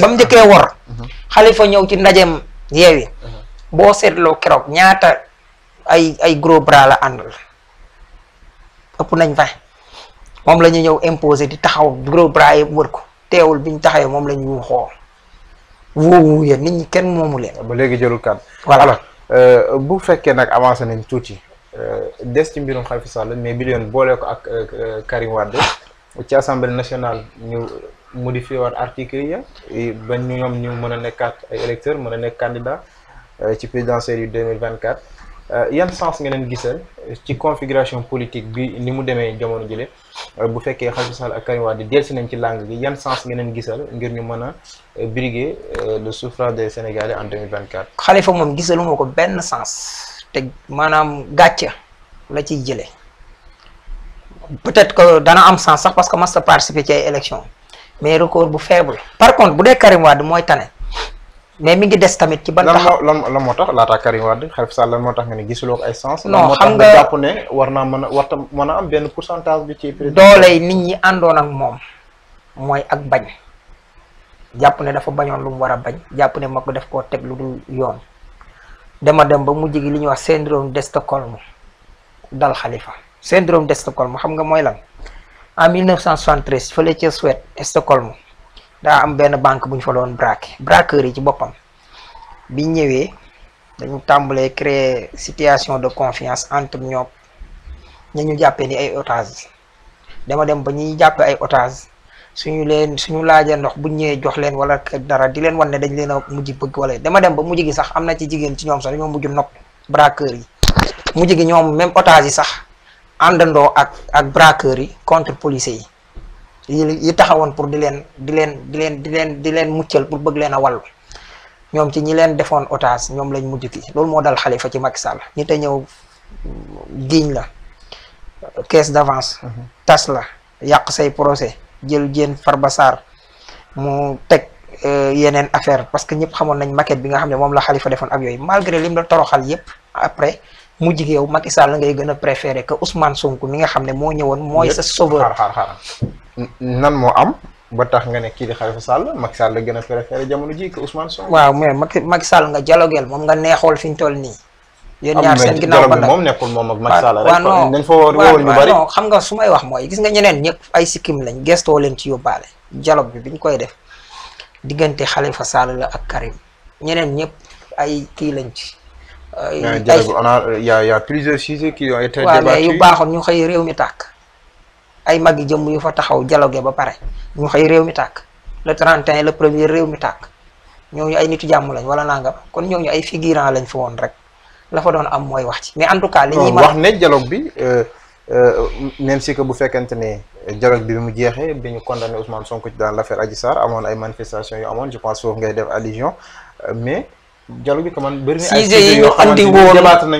mhm. ñëw ci ndajeem yeewi mhm. boo seetloo keroog ñaata ay ay gros bras la àndal ëpp nañ vingt moom la ñu ñëw imposé di taxaw gros bras yi wër ko teewul ñu taxawee moom la ñu xool wóowu yéen nit ñi kenn moomu leen. ba léegi jëlul kan. voilà alors euh, bu fekkee nag avance nañ tuuti euh, des ci mbirum Khalifa Sall mais bi leen boole ko ak euh, Karim Wade ci assemblée nationale ñu modifié waat article yi ba ñoom ñu mën a nekkaat ay électeurs mën a nekk candidat ci présidentielle yu 2024. Euh, yan sens nga leen gisal ci configuration politique bi ni mu demee jamono jële euh, bu fekkee Khalifa Sall ak Karim Wade si nañ ci langue gi yan sens nga leen gisal ngir ñu man a euh, briguer le suffrage des Sénégalais en 2024 Khalifa moom gisaluma ko benn sens te maanaam gàcce la ciy jële peut-être que dana am sens sax parce que mas a participer ci ay élection mais record bu faible par contre bu dee Karim Wade mooy tane mais mi ngi des tamit ci ban. taxaw lan moo lan moo tax laataa Karim Wade Khalifa Sall lan moo tax nga ne gisuloo ko ay sens. non xam nga jàpp ne war naa mën a war ta mën a am benn pourcentage bi ci. dooley nit ñi àndoon ak moom mooy ak bañ jàpp ne dafa bañoon lu mu war a bañ jàpp ne ko def koo teg lu dul yoon dama dem ba mu gi li ñuy wax syndrome de Stockholm dal Khalifa syndrome de Stockholm xam nga mooy lan en 1973 fële ca Suède Stockholm. daa am benn banque bu ñu fa doon braqué braqueur yi ci boppam bi ñëwee dañu tàmbalee créer situation de confiance entre ñoom ñu ñu jàppee ni ay otages dama dem ba ñuy jàppee ay otages suñu leen suñu laajee ndox buñ ñëwee jox leen wala dara di leen wan dañ leen a mujj bëgg wala dama dem ba mu gi sax am na ci jigéen ci ñoom sax dañoo mujj nopp braqueur yi mujj gi ñoom même otages yi sax àndandoo ak ak braqueur yi contre policiers yi. yi taxawoon pour di leen di leen di leen di leen di leen muccal pour bëgg leen a wàllu ñoom ci ñi leen defoon otage ñoom lañ mujj ki loolu moo dal Khalifa ci Macky Sall nit a ñëw giiñ la caisse d'avance mhm. tas la yàq say projet jël jéen Farba Sarr mu teg euh, yeneen affaire parce que ñëpp xamoon nañ maket bi nga xam ne moom la Khalifa defoon ak yooyu malgré lim la toroxal yépp après mu gi yow Macky Sall la ngay gën a préféré que Ousmane Sonko mi nga xam ne moo ñëwoon mooy sa sauveur. xaar nan moo am ba tax nga ne kii di Khalifa Sall Macky Sall la gën a préféré jamono ji que Ousmane Sonko. waaw mais Macky Sall nga dialogueel moom nga neexool fi ñu toll nii. yéen ñaar seen ginnaaw ba nag moom nekkul moom ak Macky Sall rek dañ fa woon ñu bari non xam nga su may wax mooy gis nga ñeneen ñëpp ay sikkim lañ gestoo leen ci yóbbaale dialogue bi biñ koy def diggante Khalifa Sall la ak Karim ñeneen ñëpp ay kii lañ ci ay y' a y' a plusieurs sujets qui ont été débattus waaw mais yu baaxoon ñu xëy réew mi tàkk. ay mag yi jëm yu fa taxaw dialogue ba pare ñu xëy réew mi tàkk le 31 le premier réew mi tàkk ñooñu ay nitu jàmm lañ wala nangam kon ñooñu ay figurant lañ fa rek la doon am mooy wax ci mais en tout cas. li ñuy wax ne dialogue bi. Euh, euh, même si bu fekkente ne dialogue bi mu jeexee bi ñu condamné Ousmane l' affaire Adji amoon ay manifestations yu amoon je pense foofu ngay def allusion euh, mais. dialogue bi ko man bëri na ay sujet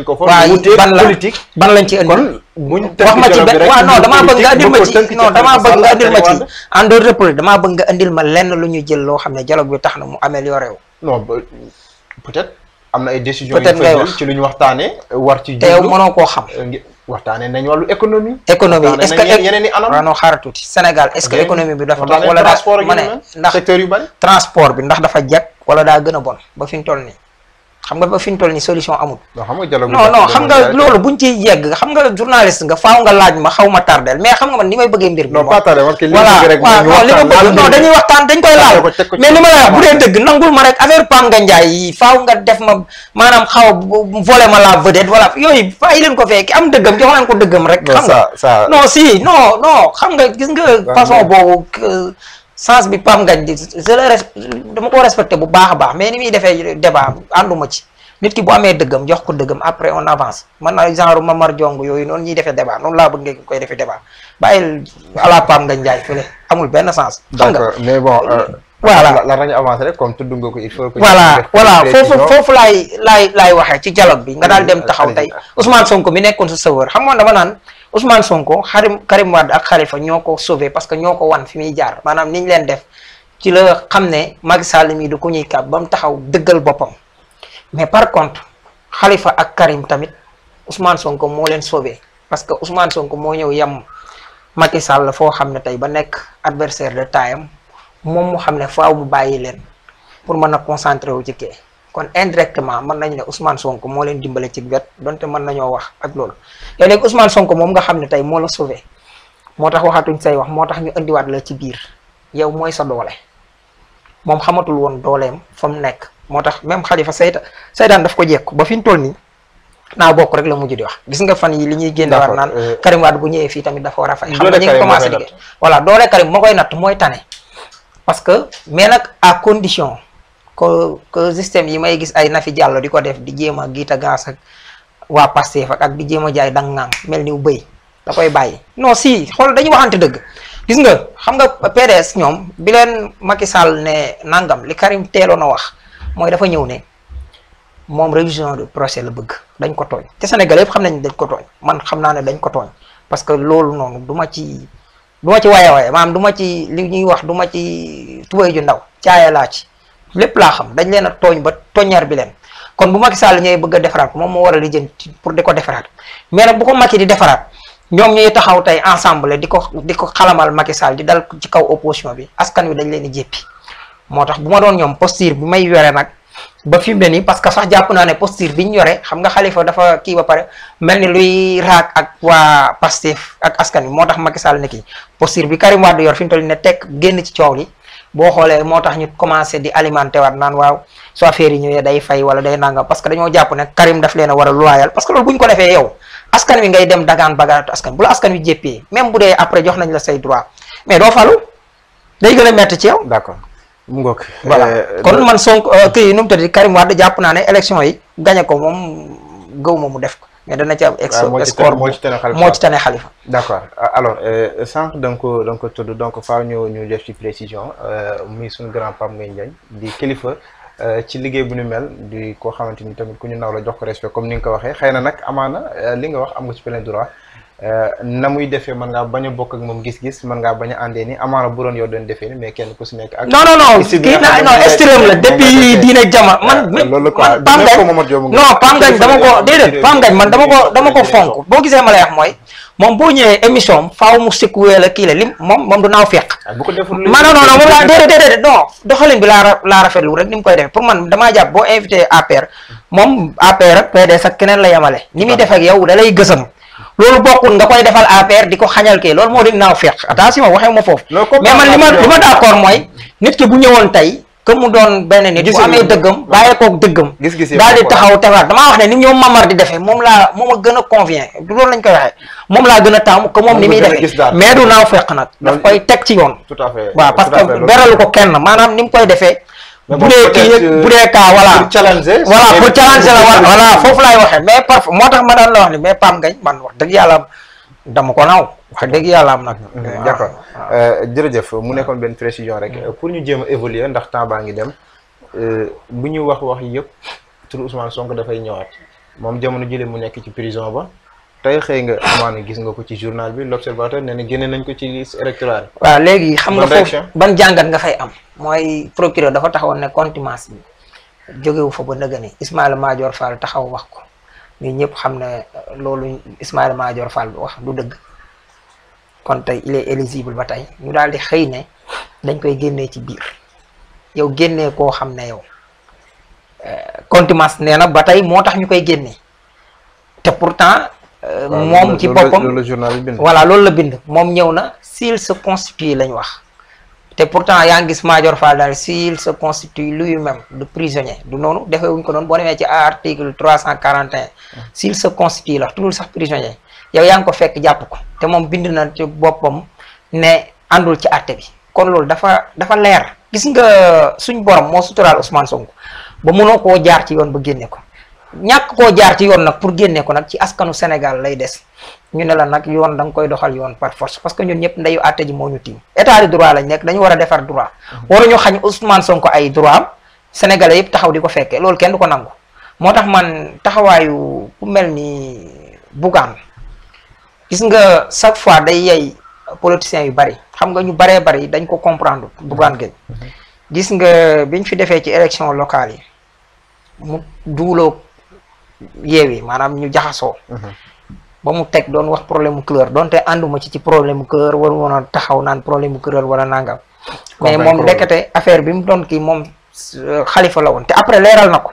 ko fa wutee politique ban lañ ci andi kon buñ wax ma ci benn waaw non damaa bëgg nga andil ma ci en de politique damaa bëgg nga andil ma lenn lu ñu jël loo xam ne dialogue bi tax na mu amélioré wu non peut-être am na ay décision yu fa jël ci lu ñu waxtaanee war ci teew mënoo koo xam euh, waxtaanee nañ wàllu économie. économie est ce que yeneen i anam waaw non xaaral tuuti est ce que économie bi dafa dox wala daa ma ne ndax secteur yu bari transport bi ndax dafa jag wala daa gën a bon ba fi mu toll nii. xam nga ba fi ñu toll ni solution amul. non non xam nga loolu buñ ci yegg xam nga journaliste nga faaw nga laaj ma xaw ma tardel mais xam nga man ni may bëggee mbir bi non pas tardel parce que li ma bëgg non dañuy waxtaan dañ koy laal mais li ma la bu dee dëgg nangul ma rek affaire Pape Ngagne Ndiaye yi nga def ma maanaam xaw volé ma la vedette voilà yooyu bàyyi leen ko fekk am dëggam jox leen ko dëggam rek xam nga non si non non xam nga gis nga façon boobu sens bi Pape Ngagne di je le respecte ko respecté bu baax baax mais ni muy defee débat ànduma ci nit ki bu amee dëggam jox ko dëggam après on avance man na genre Mamar Diong yooyu noonu ñuy defee débat noonu laa bëgg koy defee débat bàyyil ala Pape Ngagne Ndiaye fële amul benn sens. xam nga mais bon. Euh, voilà la la ñu avancé rek comme tudd nga ko il faut que foofu foofu laay laay laay waxee ci dialogue bi nga daal dem taxaw tey Ousmane Sonko mi nekkoon sa sauveur xam nga dama naan Ousmane Sonko xarim Karim Wade ak Khalifa ñoo ko sobee parce que ñoo ko wan fi muy jaar maanaam niñ leen def ci la xam ne Macky Sall mii du ko ñuy kàbb ba mu taxaw dëggal boppam mais par contre xalifa ak Karim tamit Ousmane Sonko moo leen sauvé parce que Ousmane Sonko moo ñëw yem Macky Sall foo xam ne tey ba nekk adversaire de taayam moom mu xam ne faaw bu bàyyi leen pour mën a concentré wu ci kee kon indirectement mën nañu ne Ousmane sonk moo leen dimbale ci wet donte mën ñoo wax ak loolu yow léegi Ousmane Sonko moom nga xam ne tey moo la sauvé moo tax waxatuñ say wax moo tax ñu indiwaat la ci biir yow mooy sa doole moom xamatul woon dooleem fa mu nekk moo tax même Khalifa sayta saytaan daf ko jekku ba fi mu toll nii naa bokk rek la mujj di wax gis nga fan yi li ñuy génne war naan euh, Karim Wade bu ñëwee fii tamit dafa war a fay xam nga ñu ngi commencé liggéey voilà doole Karim moo koy natt mooy tane parce que mais nag à condition que que système yi may gis ay Nafi Diallo di ko def di jéem a giita gaas ak waa Pastef ak ak di jéem a jaay dangaam mel ni wu bëy da koy bàyyi noo si xool dañuy waxante dëgg gis nga xam nga PDS ñoom bi leen Macky Sall ne nangam li Karim teeloon a wax mooy dafa ñëw ne moom révision de procès la bëgg dañ ko tooñ te sénégal yëpp xam nañ dañ ko tooñ man xam naa ne dañ ko tooñ parce que loolu noonu duma ci du ci waye waye maanaam duma ci li ñuy wax duma ma ci tubay ju ndaw caaya laa ci lépp laa xam dañ leen a tooñ ba toññar bi leen kon bu Macky Sall ñooy bëgg a defaraat ko moom moo war a lijjanti pour di ko defaraat mais nag bu ko Macky di defaraat ñoom ñuy taxaw tey ensemble di ko di ko xalamal Macky Sall di dal ci kaw opposition bi askan wi dañ leen di jéppi moo tax bu ma doon ñoom posture bu may yore nag ba fi mu ne nii parce que sax jàpp naa ne posture bi ñu yore xam nga xalifa dafa kii ba pare mel ni luy raak ak waa Pastef ak askan wi moo tax Macky Sall ne kii posture bi Karim Wade yor fi mu toll ne tekk génn ci coow li boo xoolee moo tax ñu commencé di alimenté waat naan waaw su affaire yi ñëwee day fay wala day nanga parce que dañoo jàpp ne Karim daf leen a war a loyal parce que loolu bu ñu ko defee yow askan wi ngay dem dagaan bagaatu askan bu la askan wi jéppee même bu dee après jox nañ la say droit mais doo falu day gën a ci yow d'accord mu ngoog voilà euh, kon man Sonko euh, kii nu mu tëddee Karim Wade jàpp naa ne élection yi gañe ko moom gëw ma mu def ko mais dana ci am. ex score moo ci tane xalifa moo ci tane xalifa. d' accord euh, alors sànq da ko da nga ko tudd donc faaw ñu ñu def ci précision muy suñu grand Pape Ngagne Ndiaye di kilifa. ci liggéey bu nu mel di koo xamante ni tamit ku ñu naw la jox ko respect comme ni nga ko waxee xëy na nag amaana li nga wax am nga ci plein droit Euh, na muy defee man ngaa bañ a bokk ak moom gis-gis man ngaa bañ àndee ni amaana bu doon yow doon defee ni mais kenn ku si nekk. ak non non non kii na non extrême la depuis diine jama man. Ah, loolu quoi non Pape dama ko déedéet Pape Ngagne man dama ko dama ko boo gisee ma lay wax mooy moom boo ñëwee émission faaw mu secoué la kii la lim moom moom du naaw ah, bu ko deful non non non moom laa doxalin bi laa laa rafetlu rek ni mu koy defee pour man damaa jàpp boo invité APR moom APR ak PDS ak keneen la yemale ni muy ah. def ak yow da lay gësam loolu bokkul nga koy defal APR di ko xañal kee loolu moo di naaw feeq attention waxee ma foofu mais man li ma li mooy nit ki bu ñëwoon tey que mu doon benn nit bu amee dëggam bàyyeekook dëggam daal di taxaw tefaat damaa wax ne ni ñoom mamar di defee moom laa moom a gën a convient du loolu lañ koy waxee moom laa gën a taamu que moom ni muy defee mais du naaw feeq nag daf koy teg ci yoon waaw parce que beralu ko kenn maanaam ni mu koy defee bu dee euh, bu dee kaa voilà pour challenger voilà pour challenger la voilà foofu laay waxee mais parfois moo tax ma daan la wax ni mais Pape Ngagne man wax dëgg yàlla dama ko naaw wax dëgg yàlla am nag mm, mm, mm, d'accord ah, ah. Euh, jërëjëf mu ah. nekkoon benn précision rek pour ñu jéem a évoluer ndax temps ngi dem euh, bu ñu wax wax yëpp turu Ousmane Sonko dafay ñëwaat moom jamono jële mu nekk ci prison ba tey xëy nga a gis nga ko ci journal bi l'observateur nee na génne nañ ko ci liste électorale waaw léegi xam nga foofu ban jàngat nga fay am mooy procureur dafa taxawoon ne contumace bi jogewu fa ba nëgëne Ismaïla Madior Fall taxaw wax ko ñu ñëpp xam ne uh, loolu Ismaïla Madior Fall wax du dëgg kon tey il est éligible ba tey ñu daal di xëy ne dañ koy génnee ci biir yow génnee koo xam ne yow uh, contumace nee na ba tey moo tax ñu koy génne te pourtant Euh, moom ci boppam voilà loolu la bind moom ñëw na s'il se constitue lañ wax te pourtant yaa ngi gis Madior Fall daal si se constitue lui-même de prisonnier du noonu defee wuñ ko noonu boo demee ci article trois cent quarante et un s'il se constitue la tudul sax prisonnier yow yaa ngi ko fekk jàpp ko te moom bind na ci boppam ne àndul ci àtte bi kon loolu dafa dafa leer gis nga suñ borom moo suturaal Ousmane Sonko ba mënoo ko jaar ci yoon ba génnee ko ñàkk koo jaar ci yoon nag pour génne ko nag ci askanu Sénégal lay des ñu ne la nag yoon da nga koy doxal yoon par force parce que ñun ñëpp ndeyu àtte ji moo ñu tiim état de droit lañ nekk dañu war a defar droit mhm. waruñu xañ Ousmane Sonko ay droit am sénégalais yëpp taxaw di ko fekkee loolu kenn du ko nangu moo tax man taxawaayu ku mel ni Bougane gis nga chaque fois day yay politiciens yu bari xam nga ñu baree bari dañ ko comprendre Bougane Gueye mhm. gis nga biñ fi defee ci élection locale yi yeewi maanaam ñu jaxasoo mhm. ba mu teg doon wax problème mu couleur donte ànduma ci ci problème mu couleur war woon a taxaw naan problème mu couleur wala nangam mais moom dekkate affaire bi mu doon kii moom euh, xalifa la woon te après leeral na ko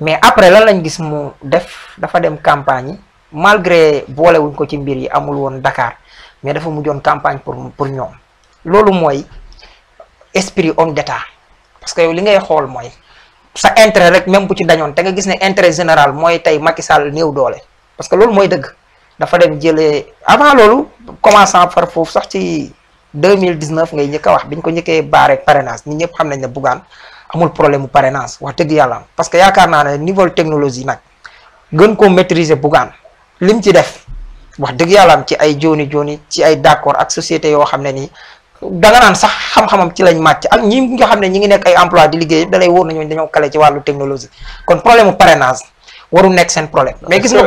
mais après lan lañ gis mu def dafa dem campagne yi malgré boolewuñ ko ci mbir yi amul woon Dakar mais dafa mujjoon campagne pour pour ñoom loolu mooy esprit homme d'état parce que li ngay xool mooy sa intérêt rek même bu ci dañoon te nga gis ne intérêt général mooy tey Macky Sall néew doole parce que loolu mooy dëgg dafa dem jëlee avant loolu commençant par foofu sax ci 2019 ngay njëkk a wax biñ ko njëkkee baaree parrainage ni ñëpp xam nañ ne Bougane amul problème mu parrainage wax dëgg yàlla parce que yaakaar naa ne niveau technologie nag gën koo maîtriser Bougane lim ci def wax dëgg yàlla am ci ay jooni jooni ci ay d'accord ak société yoo xam ne nii danga naan sax xam-xamam ci lañ màcc ñi nga xam ne ñi ngi nekk ay emploi di liggéey dalay wóor na ñooñu dañoo kale ci wàllu technologie kon problème mu parrainage waru nekk seen problème mais nga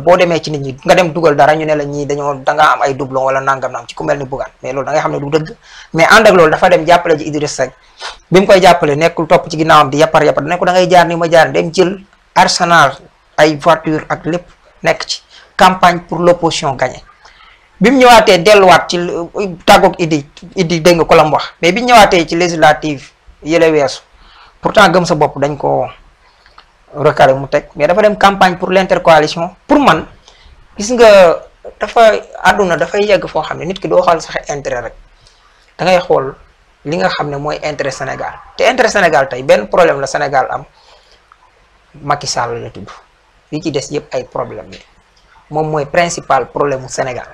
boo demee nga dem dugal dara ñu ne la ñii dañoo dangaa am ay doublon wala nangam naam ci ku mel ni Bougane mais loolu da nga xam ne du dëgg mais ànd ak loolu dafa dem jàppale ji Idriss Seck bi mu koy jàppale nekkul topp ci ginnaawam di yappar yappar ne ko da jaar ni ma jaar dem jël arsenal bi mu ñëwaatee delluwaat ci tàggoog Idi Idi dégg nga ko la mu wax mais bi ñu ñëwaatee ci législative yële weesu pourtant gëm sa bopp dañ ko recalé mu teg mais dafa dem campagne pour l'intercoalition pour man gis nga dafa àdduna dafay yegg foo xam ne nit ki doo xool sax intérêt rek da ngay xool li nga xam ne mooy intere Sénégal te intere Sénégal tey benn problème la Sénégal am Macky Sall la tudd li ci des yëpp ay problème la moom mooy principal problème mu Sénégal.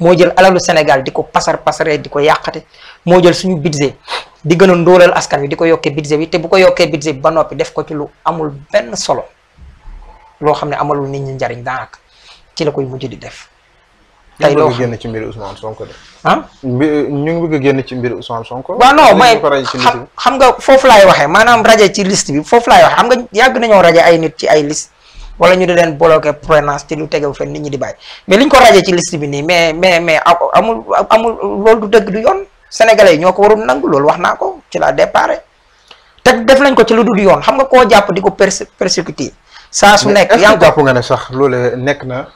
moo jël alalu Sénégal di ko pasar pasaree di ko yàqate moo jël suñu budget di gën a ndóolal askan wi di ko yokkee budget bi te bu ko yokkee budget bi ba noppi def ko ci lu amul benn solo loo xam ne amalul nit ñi njariñ daanaka ci la koy mujj di def. tey loo xam ñu ngi bëgg a génn ci mbiri Ousmane Sonko de. ah ñu ngi bëgg a génn ci mbiri Ousmane Sonko. waaw non mooy xam nga foofu laay waxee maanaam rajo ci list bi foofu laay waxee xam nga yàgg nañoo rajo ay nit ci ay liste. wala ñu di leen bloqué provenance ci lu tegewu fenn nit ñi di bàyyi mais li ko rajee ci liste bi nii mais mais mais amul amul loolu du dëgg du yoon sénégalais yi ñoo ko warul nangu loolu wax naa ko ci la départ te def nañ ko ci lu dul yoon xam nga koo jàpp di ko persécuté saa su nekk yaa ngi jàpp nga ne sax loolu nekk na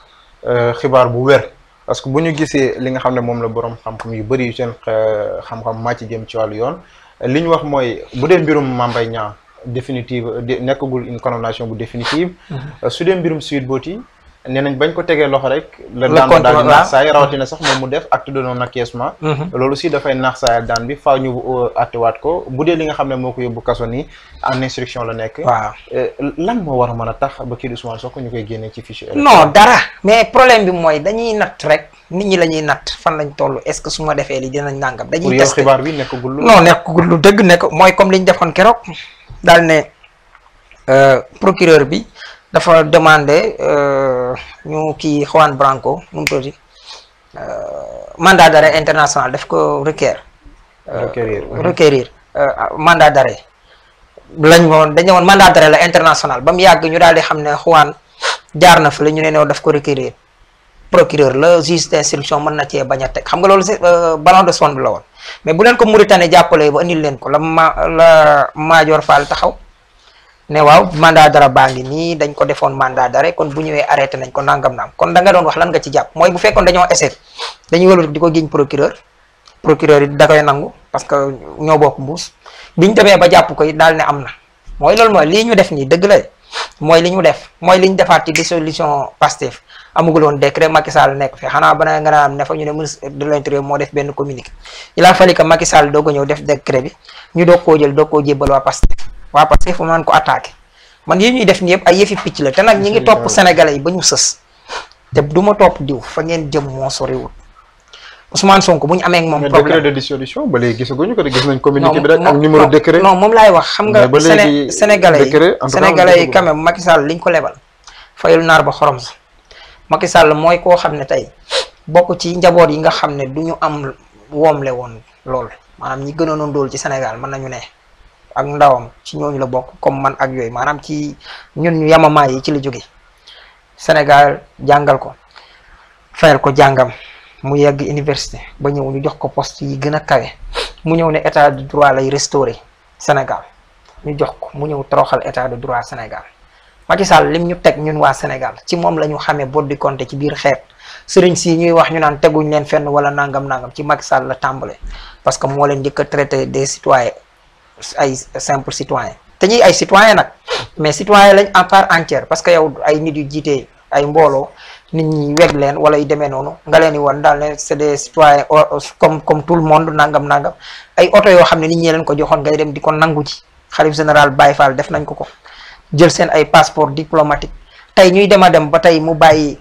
euh, xibaar bu wér parce que bu ñu gisee li nga xam ne moom la borom xam-xam yu bëri yu seen euh, xam-xam màcc jëm ci wàllu yoon li ñu wax mooy bu dee mbirum Mame Mbaye Niang définitive nekkagul une condamnation bu définitive mm-hmm. euh, su dee mbirum Sweet nee nañ bañ ko tegee loxo rek la daan daal di naax saay rawatina sax moom mu def acte de non acquiescement mhm. loolu aussi dafay naax saayal daan bi faaw ñu euh, attewaat ko bu dee li nga xam ne moo ko yóbbu kaso nii en instruction la nekk euh, lan moo war mën a tax ba kii di Ousmane Sonko ñu koy génnee ci fichier non dara mais problème bi mooy dañuy nat rek nit ñi la ñuy natt fan lañ toll est ce que su ma defee li dinañ nàngam dañuy testé xibaar bi nekkagul lu non nekkagul lu dëgg nekk mooy comme li ñu defoon keroog daal ne euh, procureur bi dafa demandé euh, ñu kii Juan Branco nu mu tudd euh, mandat d'arrêt international daf ko requérir. Euh, requérir requérir ah, mandat d'arrêt lañ woon dañu woon mandat d'arrêt la international ba mu yàgg ñu daal di xam ne Juan jaar na fa la ñu ne ne daf ko requérir procureur la juge d'instruction mën na cee bañ a teg xam nga loolu si ballon de sonde bi la woon mais bu leen ko Mauritanie jàppalee ba indil leen ko la ma la Madior Fall taxaw. ne waaw mandat dara baa ngi nii dañ ko defoon mandat dara kon bu ñëwee arrêté nañ ko nangam naam kon da nga doon wax lan nga ci jàpp mooy bu fekkoon dañoo essayé dañuy wëlbati di ko giñ procureur ba jàpp ko it daal am na mooy lii ñu def nii dëgg li ñu def mooy li ñu defaat ci dissolution Pastef amagul woon décret Macky Sall de l'intérieur moo def benn communiqué il a fallu que Macky Sall doog a ñëw def décret bi ñu doog koo jël doog koo jébbal waa Pastef waa Pastef fu naan ko attaqué man yi ñuy def ni yëpp ay yëfi picc la te nag ñi ngi topp sénégalais yi ba ñu sës te du ma topp diw fa ngeen jëm moo soriwul Ousmane Sonko bu ñu amee moom problème décret de ba léegi gisaguñu ko de gis nañ communiqué bi moom laay wax xam nga sénégalais yi sénégalais yi quand même Macky Sall liñ ko lebal fayul naar ba xorom sa Macky Sall mooy koo xam ne tey bokk ci njaboot yi nga xam ne du ñu am woomle woon loolu maanaam ñi gënoon dool ci Sénégal mën nañu ne ak ndawam ci ñooñu la bokk comme man ak yooyu maanaam ci ñun ñu yamamaay yi ci la jóge Sénégal jàngal ko fayal ko jàngam mu yegg université ba ñëw ñu jox ko post yi gën a kawe mu ñëw ne état de droit lay restaurer Sénégal ñu jox ko mu ñëw toroxal état de droit Sénégal Macky Sall lim ñu teg ñun waa Sénégal ci moom la ñu xamee boddi compté ci biir xeet sëriñ si ñuy wax ñu naan teguñ leen fenn wala nangam nangam ci Macky Sall la tàmbale parce que moo leen njëkk ay simple citoyen te ñuy ay citoyen nag mais citoyen lañ a part entière parce que yow ay nit yu jiitee ay mbooloo nit ñi weg leen wala yu demee noonu nga leen di wan daal ne c'est des citoyens comme comme tout le monde nangam nangam ay oto yoo xam ne nit ñi leen ko joxoon ngay dem di ko nangu ci xalif général Baye Fall def nañ ko ko jël seen ay passeport diplomatique tey ñuy dem a dem ba tey mu bàyyi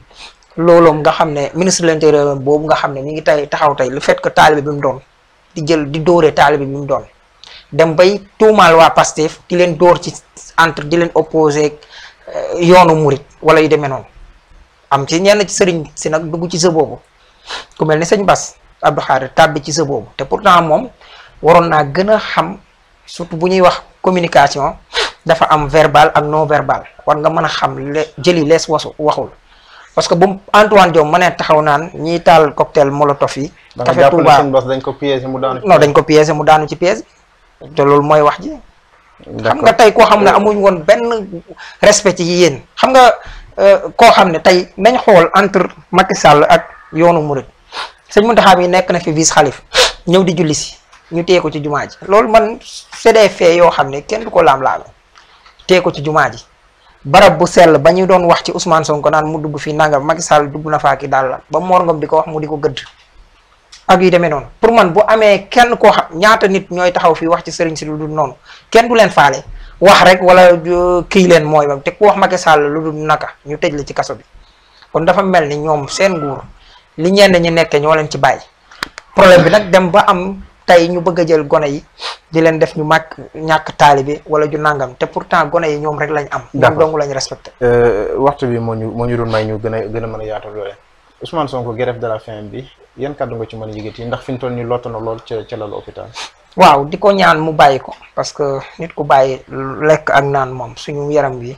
looloom nga xam ne ministre de l'intérieur boobu nga xam ne mi ngi tey taxaw tey le fait que taalibe bi mu doon di jël di dóore taalibe bi mu doon dem bay tuumaal waa Pastef di leen door ci entre di leen opposé euh, yoonu murit wala yi demee noonu am ci ñenn ci sëriñ si nag dugg ci sa boobu ku mel ni sëñ bas Bass Abdou Khadre tàbbi ci sa boobu te pourtant moom waroon naa gën a xam surtout bu ñuy wax communication dafa am verbal ak non verbal war nga mën a xam le jëli lees wasu waxul parce que bu Antoine Diome mënee taxaw naan ñiy taal cocktail molotov yi. café Touba dañ ko piégé mu daanu. non dañ ko piégé mu daanu ci piège. te loolu mooy wax ji. xam nga tey koo xam ne euh, amuñ woon benn respect yi yéen xam nga euh, koo xam ne tey nañ xool entre Macky Sall ak yoonu Mouride sëñ Mountakha mi nekk na fi vice xalif ñëw di julli si ñu téye ko ci jumaa ji loolu man c'est des faits yoo xam ne kenn du ko laam-laame téye ko ci jumaa ji barab bu sell ba ñu doon wax ci Ousmane Sonko naan mu dugg fi nangam Macky Sall dugg na faa ki daal la ba Mor Ngom di ko wax mu di ko gëdd. ak yu demee noonu pour man bu amee kenn koo xam ñaata nit ñooy taxaw fii wax ci sëriñ si lu dul noonu kenn du leen faale wax rek wala euh, kii leen mooy te ku wax Macky Sall lu dul naka ñu tëj la ci kaso bi kon dafa mel ni ñoom seen nguur li ñenn ñi nekkee ñoo leen ci bàyyi problème bi nag dem ba am tey ñu bëgg a jël gone yi di leen def ñu màkk ñàkk taalibe wala ju nangam te pourtant gone yi ñoom rek lañ am. ñoom dong lañ respecté. Euh, waxtu bi moo ñu moo ñu doon may ñu gën a gën a mën a yaatal loolee Ousmane Sonko de la faim bi yan kàddu nga ci man a yëgati ndax fi mu toll nii lott na lool ca ca lalu hôpital. waaw di ko ñaan mu bàyyi ko parce que nit ku bàyyi lekk ak naan moom suñu yaram wi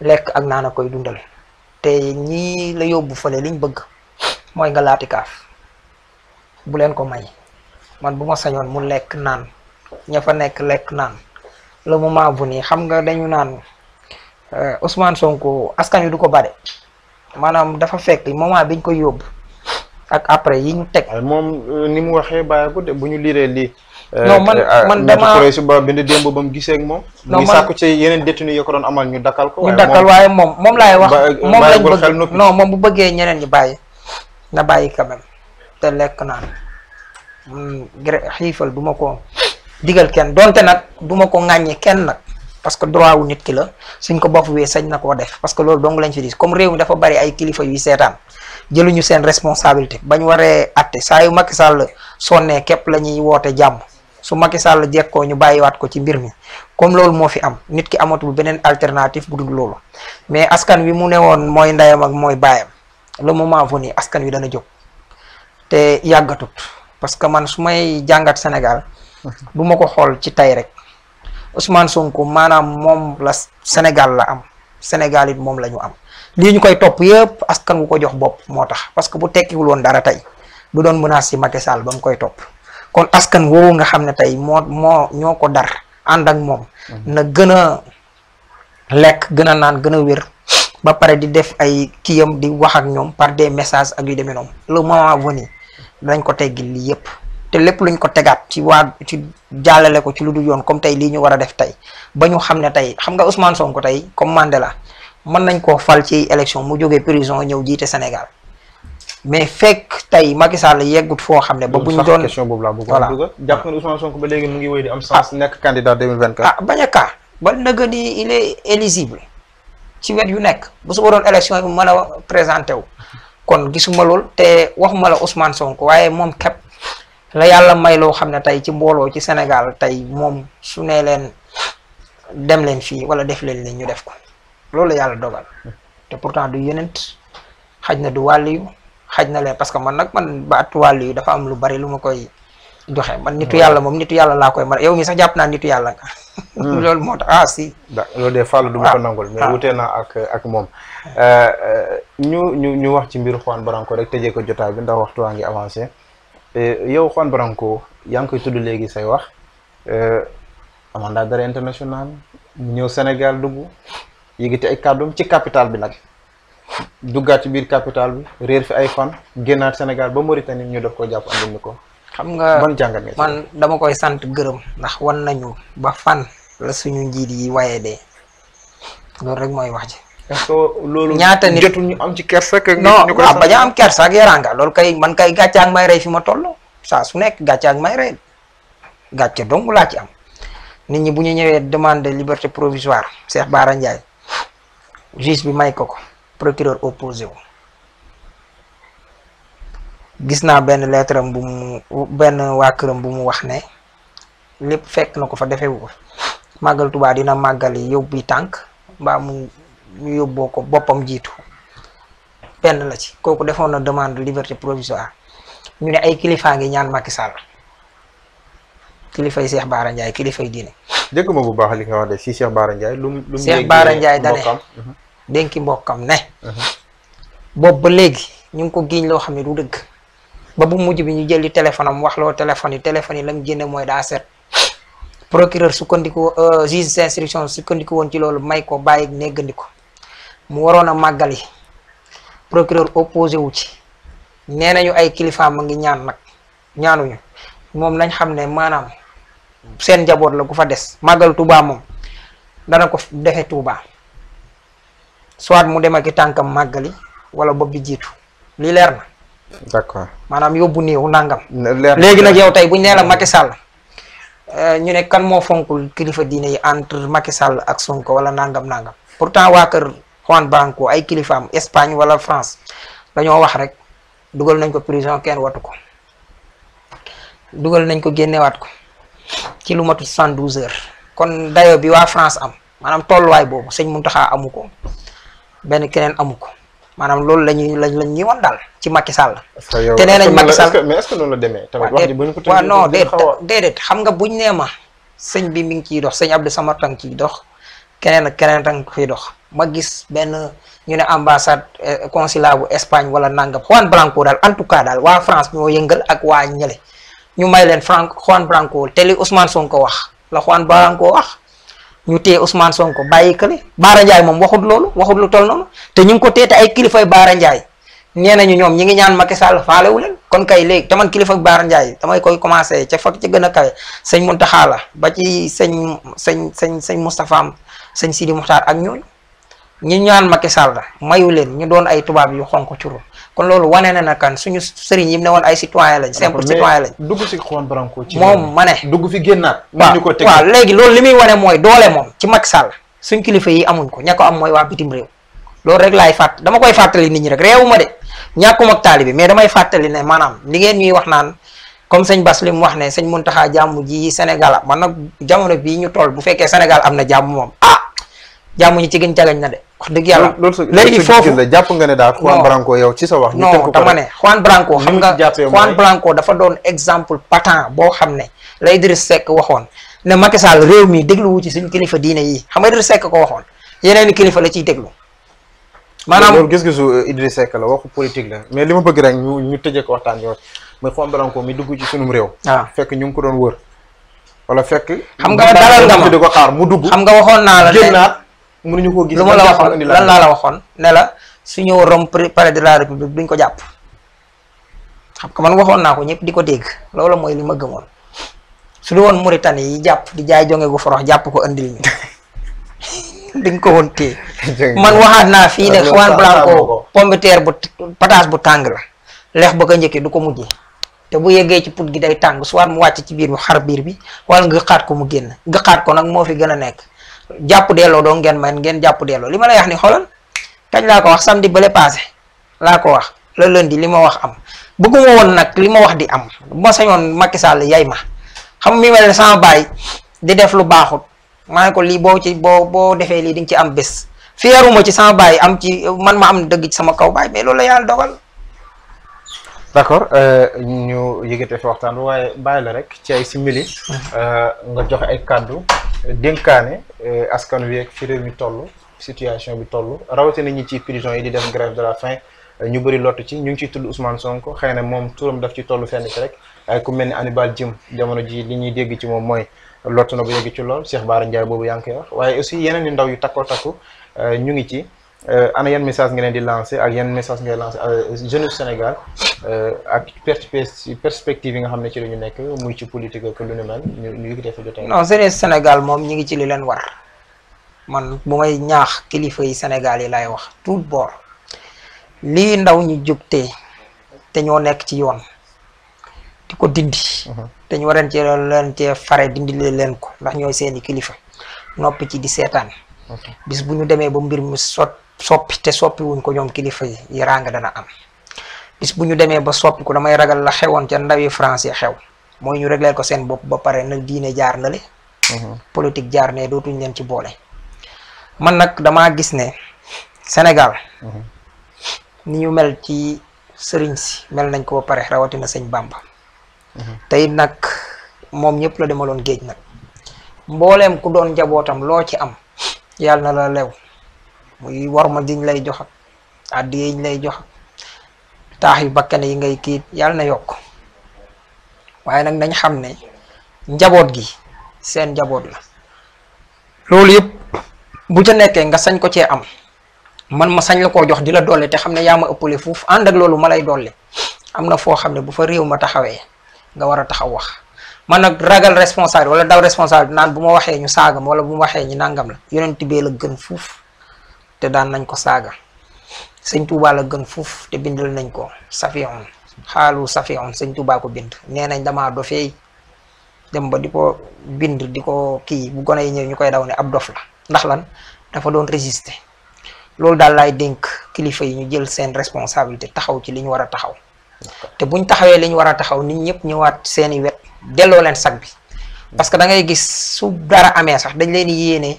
lekk ak naan a koy dundal te ñii la yóbbu fële liñ bëgg mooy nga laati kaaf bu leen ko may man bu ma sañoon mu lekk naan ña fa nekk lekk naan le moment bu nii xam nga dañu naan euh, Ousmane Sonko askan wi du ko bare maanaam dafa fekk moment biñ koy yóbbu. ak après yi ñu teg. moom euh, ni mu waxee bàyyi ko de bu ñu liiree lii. Euh, non man euh, man damaa maître ba bind démb ba mu gisee moom. non man sàkku ci yeneen détenu yi ko doon amal ñu dakkal ko. ñu dakkal waaye moom moom laay wax. moom lañ bëgg non moom bu bëggee ñeneen ñi bàyyi. na bàyyi quand même te lekk naan mm, xiifal du ma ko digal kenn donte nag du ma ko ŋàññi kenn nag. parce que droit wu nit ki la suñ ko bopp wee sañ na koo def parce que loolu dong lañ fi dis comme réew mi dafa bari ay kilifa yuy seetaan. jëluñu seen responsabilité bañ waree atte saa yu Macky Sall sonnee képp la ñuy woote jàmm su Macky Sall jekkoo ñu bàyyiwaat ko ci mbir mi comme loolu moo fi am nit ki amatul beneen alternative bu dul loolu mais askan wi mu ne woon mooy ndeyam ak mooy baayam le moment venu askan wi dana jóg te yàggatut parce que man su may jàngat Sénégal du ma ko xool ci tey rek Ousmane Sonko maanaam moom la Sénégal la am Sénégal moom la ñu am lii ñu koy topp yëpp askan wu ko jox bopp moo tax parce que bu tekkiwul woon dara tey du doon menace ci Macky Sall ba mu koy topp kon askan woowu nga xam ne tey moo moo ñoo ko dar ànd ak moom mhm. na gën a lekk gën a naan gën a wér ba pare di def ay kiyam di wax ak ñoom par des messages ak yu demee noonu le moment venu dañ ko teggil lii yëpp te lépp lu luñ ko tegaat ci waa ci jàllale ko ci lu dul yoon comme tey lii ñu war a def tey ba ñu xam ne tey xam nga Ousmane ko tey comme la mën nañ koo fal ci élection mu jógee prison ñëw jiite Sénégal mais fekk tey Macky Sall yeggut foo xam ne. ba bu ñu doon question boobu laa bëgg a dugal jàpp nga ba léegi mu ngi wéy di am chance ah. nekk candidat 2024. ah bañ a kaa ba nëgë ni il est ci wet yu nekk bu su waroon élection yi mën a wu kon gisuma lool te waxuma la Ousmane sonk waaye moom képp la yàlla may loo xam ne tey ci mbooloo ci Sénégal tey moom su ne leen dem leen fii wala def leen ñu def ko. loolu la yàlla dogal te pourtant du yonent xaj na du wàlliyu xaj na leen parce que man nag man baat wàlliyu dafa am lu bari lu ma koy joxe man nitu yàlla moom nitu yàlla laa koy mën yow mi sax jàpp naa nitu yàlla hmm. loolu moo tax ah si loolu de Fallou du ma ko ah. nangul mais ah. ak ak moom euh, euh, ñu ñu ñu wax ci mbiru Juan Branco rek tëjee ko jotaay bi ndax waa ngi avancé yow Juan Branco yaa ngi koy tudd léegi say wax euh, mandat d'arrêt international ñëw Sénégal dugg yëgati ay kàddum ci capital bi nag duggaat ci biir capital bi réer fi ay fan génnaat Sénégal ba Mauritanie ñu def ko jàpp andil ñu ko. xam nga ban jàngat man dama koy sant gërëm ndax wan nañu ba fan la suñu njiit yi waaye de loolu rek mooy wax ji. est loolu. ñaata nit jotul ñu am ci kersa ak. non waaw ah, bañ a am kersa ak yaraanga lool kay man kay gàccaak may rey fi ma toll saa su nekk gàccaak may rey gàcce dong laa ci am nit ñi bu ñu ñëwee demande de liberté provisoire Cheikh Bara Ndiaye. juge bi may ko ko procureur opposé wu gis naa benn lettre am bu mu benn waa këram bu mu wax ne lépp fekk na ko fa defee wu màggal Tuubaa dina màggali yóbbu tànk mbaa mu ñu yóbboo ko boppam jiitu benn la ci kooku defoon na demande liberté provisoire ñu ne ay kilifaa ngi ñaan Macky Sall kilifay Cheikh Bara Ndiaye kilifay diine. dégg ma bu baax li nga wax de si Cheikh Bara Ndiaye. lu mu dénki mbokkam ne uh-huh. boobu ba léegi ñu ngi ko giiñ loo xam ne du dëgg ba bu mujj bi ñu jëli téléphone am wax loo téléphone yi téléphone yi la mu génne mooy daa set procureur sukkandiku euh, juge d'instruction sukkandiku woon ci loolu may ko bàyyi néggandiko mu waroon a màggali procureur opposé wu ci nee nañu ay kilifaam a ngi ñaan nag ñaanuñu moom nañ xam ne maanaam seen njaboot la ku fa des màggal Tuubaa moom dana ko defe Tuubaa soit mu dem ak tànkam màggali wala bopp bi jiitu lii leer na. maanaam yóbbu néew nangam. léegi nag yow tey bu ñu nee la Macky euh, ñu ne kan moo fonkul kilifa diine yi entre Macky ak Sonko wala nangam nangam pourtant waa kër Juan Branco ay kilifaam Espagne wala France dañoo wax rek dugal nañ ko prison kenn watu ko dugal nañ ko génnewaat ko ci lu matu soixante-douze heures kon dayo bi waa France am maanaam tolluwaay boobu sëñ Mountakha amu ko. benn keneen amu ko maanaam loolu la ñuy lañ ñuy wan daal ci Macky Sall. te nee nañ Macky Sall mais est-ce que noonu la demee. tamit wax ji bu ñu xam nga buñ nee ma sëñ bi mi ngi ciy dox sëñ Abdou Samad tang ciy dox keneen ak keneen tang fiy dox ma gis benn ñu ne ambassade eh, consulat bu Espagne wala nangam Juan Branco daal en tout cas daal waa France ñoo yëngal ak waa ñële ñu may leen Franck Juan Branco te li Ousmane Sonko wax la Juan Branco wax. ñu téye Ousmane sonk bàyyi kële Baara Ndiaye moom waxut loolu waxut lu toll noonu te ñu ngi ko téye te ay kilifay Baara Ndiaye nee nañu ñoom ñi ngi ñaan Macky Sall faale kon kay léegi te man kilifa Baara Ndiaye damay koy commencé ca fag ca gën a kawe sañ Mountakha la ba ci sañ sañ sañ sëñ Moustapha sëñ Sidi Moukhtar ak ñooñu ñi ñaan Macky Sall la mayu leen ñu doon ay tubaab yu xonq curu kon loolu wane na nakan suñu sëriñ yi ne woon ay citoyen lañ simple citoyen lañ dugg si Juan Branco ci moom ma ne dugg fi génnaat ñu ko léegi loolu li muy wane mooy doole moom ci Macky Sall suñ kilifa yi amuñ ko ñàkk am mooy waa bitim réew loolu rek laay fàtt dama koy fàttali nit ñi rek reew ma de ñàkkum ak taalibi mais damay fàttali ne maanaam li ngeen ñuy wax naan comme sëñ Bas li mu wax ne sëñ Muntaxa jàmm ji Sénégal man nag jamono bii ñu toll bu fekkee Sénégal am na jàmm moom ah jaamuñu ci giñ jagañ na de wax dëgg yàlla. léegi foofu jàpp nga ne daal Juan Branco yow ci sa wax. ñu tënk ko non dama ne Juan Branco. xam nga Juan Branco dafa doon exemple patent boo xam ne la Idriss Seck waxoon ne Macky réew mi dégluwu ci suñu kilifa diine yi xam nga Idriss Seck ko waxoon yeneen la ciy déglu. la mais li ma bëgg rek ñu ñu tëjee ko waxtaan yoon mooy Juan Branco mi dugg ci sunum réew. Ah. fekk ñu ko doon wër. wala fekk. xam nga dalal nga xam nga waxoon naa la mënuñu koo gis lu ma la waxoon lan laa la waxoon ne la su ñëw rom palais de la république duñ ko jàpp xam nga man waxoon naa ko ñëpp di ko dégg loolu mooy li ma gëmoon su du woon Mauritanie yi jàpp di jaay jonge gu forox jàpp ko andil ñu ko woon téye man waxaat naa fii ne Juan Branco pomme bu tàng la leex ba ko njëkkee du ko mujjee te bu yeggee ci put gi day tàng soit mu wàcc ci biir bi xar biir bi wala nga xaat ko mu génn nga xaat ko nag moo fi gën a nekk jàpp delloo doo ngeen man ngeen jàpp delloo li ma lay wax ni xoolal kañ laa ko wax di bële passé laa ko wax la lundi li ma wax am bëgguma woon nag li ma wax di am bu ma sañoon Macky Sall yay ma xam mi mel ne sama baay di def lu baaxut maa ko lii boo ci boo boo defee lii di ci am bés fiyaruma ci sama baay am ci man ma am dëgg ci sama kaw baay mais loolu la yàlla dogal d' accord euh, ñu yëgatee fi waxtaan waaye bàyyi la rek ci ay simili mm-hmm. euh, nga joxe ay kàddu dénkaane eh, askan wi ak fi réew mi toll situation bi toll rawatina ñi ci prison yi di def grève de la faim eh, ñu bëri lottu ci ñu ngi ciy tudd Ousmane Sonko xëy na moom turam daf ci tollu fenn ci rek ay ku mel ni Hannibal Djim jamono ji li ñuy dégg ci moom mooy lottu na bu yegg ci lool Cheikh Bara Ndiaye boobu yaa ngi wax waaye aussi yeneen yi ndaw yu takkoo takku eh, ñu ngi ci. Euh, ana yan message nga leen di lancé ak yan message ngay lancé euh, euh, ak perspective yi nga xam ne ci la ñu nekk muy ci politique ak lu moom ñu ngi ci li leen man bu may ñaax kilifa yi Sénégal yi lay wax tout bord lii ndaw ñu jubtee te ñoo nekk ci yoon di ko dindi. Mhm. te ñu waroon cee leen cee fare dindi leen ko ndax ñooy seeni kilifa noppi ci di seetaan. bis bu ñu demee ba mbir mi sot soppi te soppi wuñ ko ñoom kilifa yi yaraanga dana am bis bu ñu demee ba soppi ko damay ragal la xewoon ca ndawi France yi xew mooy ñu régleel ko seen bopp ba pare na diine jaar na le mhm. politique jaar ne dootuñ leen ci boole man nag damaa gis ne Sénégal mhm. ni ñu mel ci sëriñ si mel nañ ko ba pare rawatina sëñ Bàmba mhm. tey nag moom ñëpp la demaloon géej nag mbooleem ku doon njabootam loo ci am yàlla na la lew muy warma jiñ lay jox ak àddiya lay jox taax yu bakkane yi ngay kiit yàlla na yokk waaye nag nañ xam ne njaboot gi seen njaboot la loolu yëpp bu ca nekkee nga sañ ko cee am man ma sañ la koo jox di la doole te xam ne yaa ma ëppale fuuf ànd ak loolu ma lay doole am na foo xam ne bu fa réew ma taxawee nga war a taxaw wax man nag ragal responsable wala daw responsable naan bu ma waxee ñu saagam wala bu ma waxee ñu nangam la yonent bee la gën fuuf te daan nañ ko saaga sëñ Touba la gën fuuf te bindal nañ ko safiun xaalu safiun sëñ Touba ko bind nee nañ damaa dofee dem ba di ko bind di ko kii bu gone yi ñëw ñu koy daw ne ab dof la ndax lan dafa doon résister loolu daal lay dénk kilifa yi ñu jël seen responsabilité taxaw ci li ñu war a taxaw te buñ taxawee li ñu war a taxaw nit ñëpp ñëwaat seeni wet delloo leen sag bi parce que da ngay gis su dara amee sax dañ leen yéene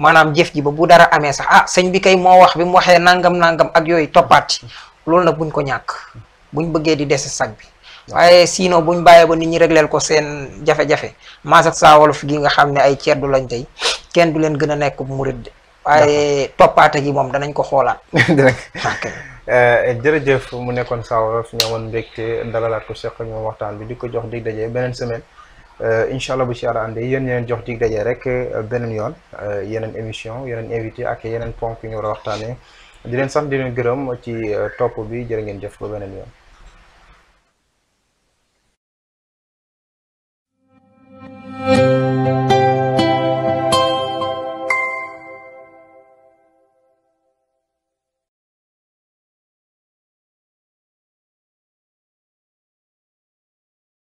maanaam jëf ji ba bu dara amee sax ah sëñ bi kay moo wax bi mu waxee nangam nangam ak yooyu toppaat ci loolu nag buñ ko ñàkk buñ bëggee di des sag bi waaye sinon buñ bàyyee ba nit ñi régleel ko seen jafe-jafe maas ak wolof gi nga xam ne ay ceddu lañ tey kenn du leen gën a nekk murid waaye toppaate gi moom danañ ko xoolaat. Ah, eh, jërëjëf mu nekkoon saa wolof ñoo woon mbégte dalalaat ko seq ñoom waxtaan bi di ko jox di dajee beneen semaine. Euh, incha allah bu ci yàlla àndee yéen yeneen jox dig daje rek euh, beneen yoon euh, yeneen émission yeneen invité ak yeneen ponk yu ñu war a di leen sant di leen gërëm ci topp bi jër ngeen jëf ba beneen yoon.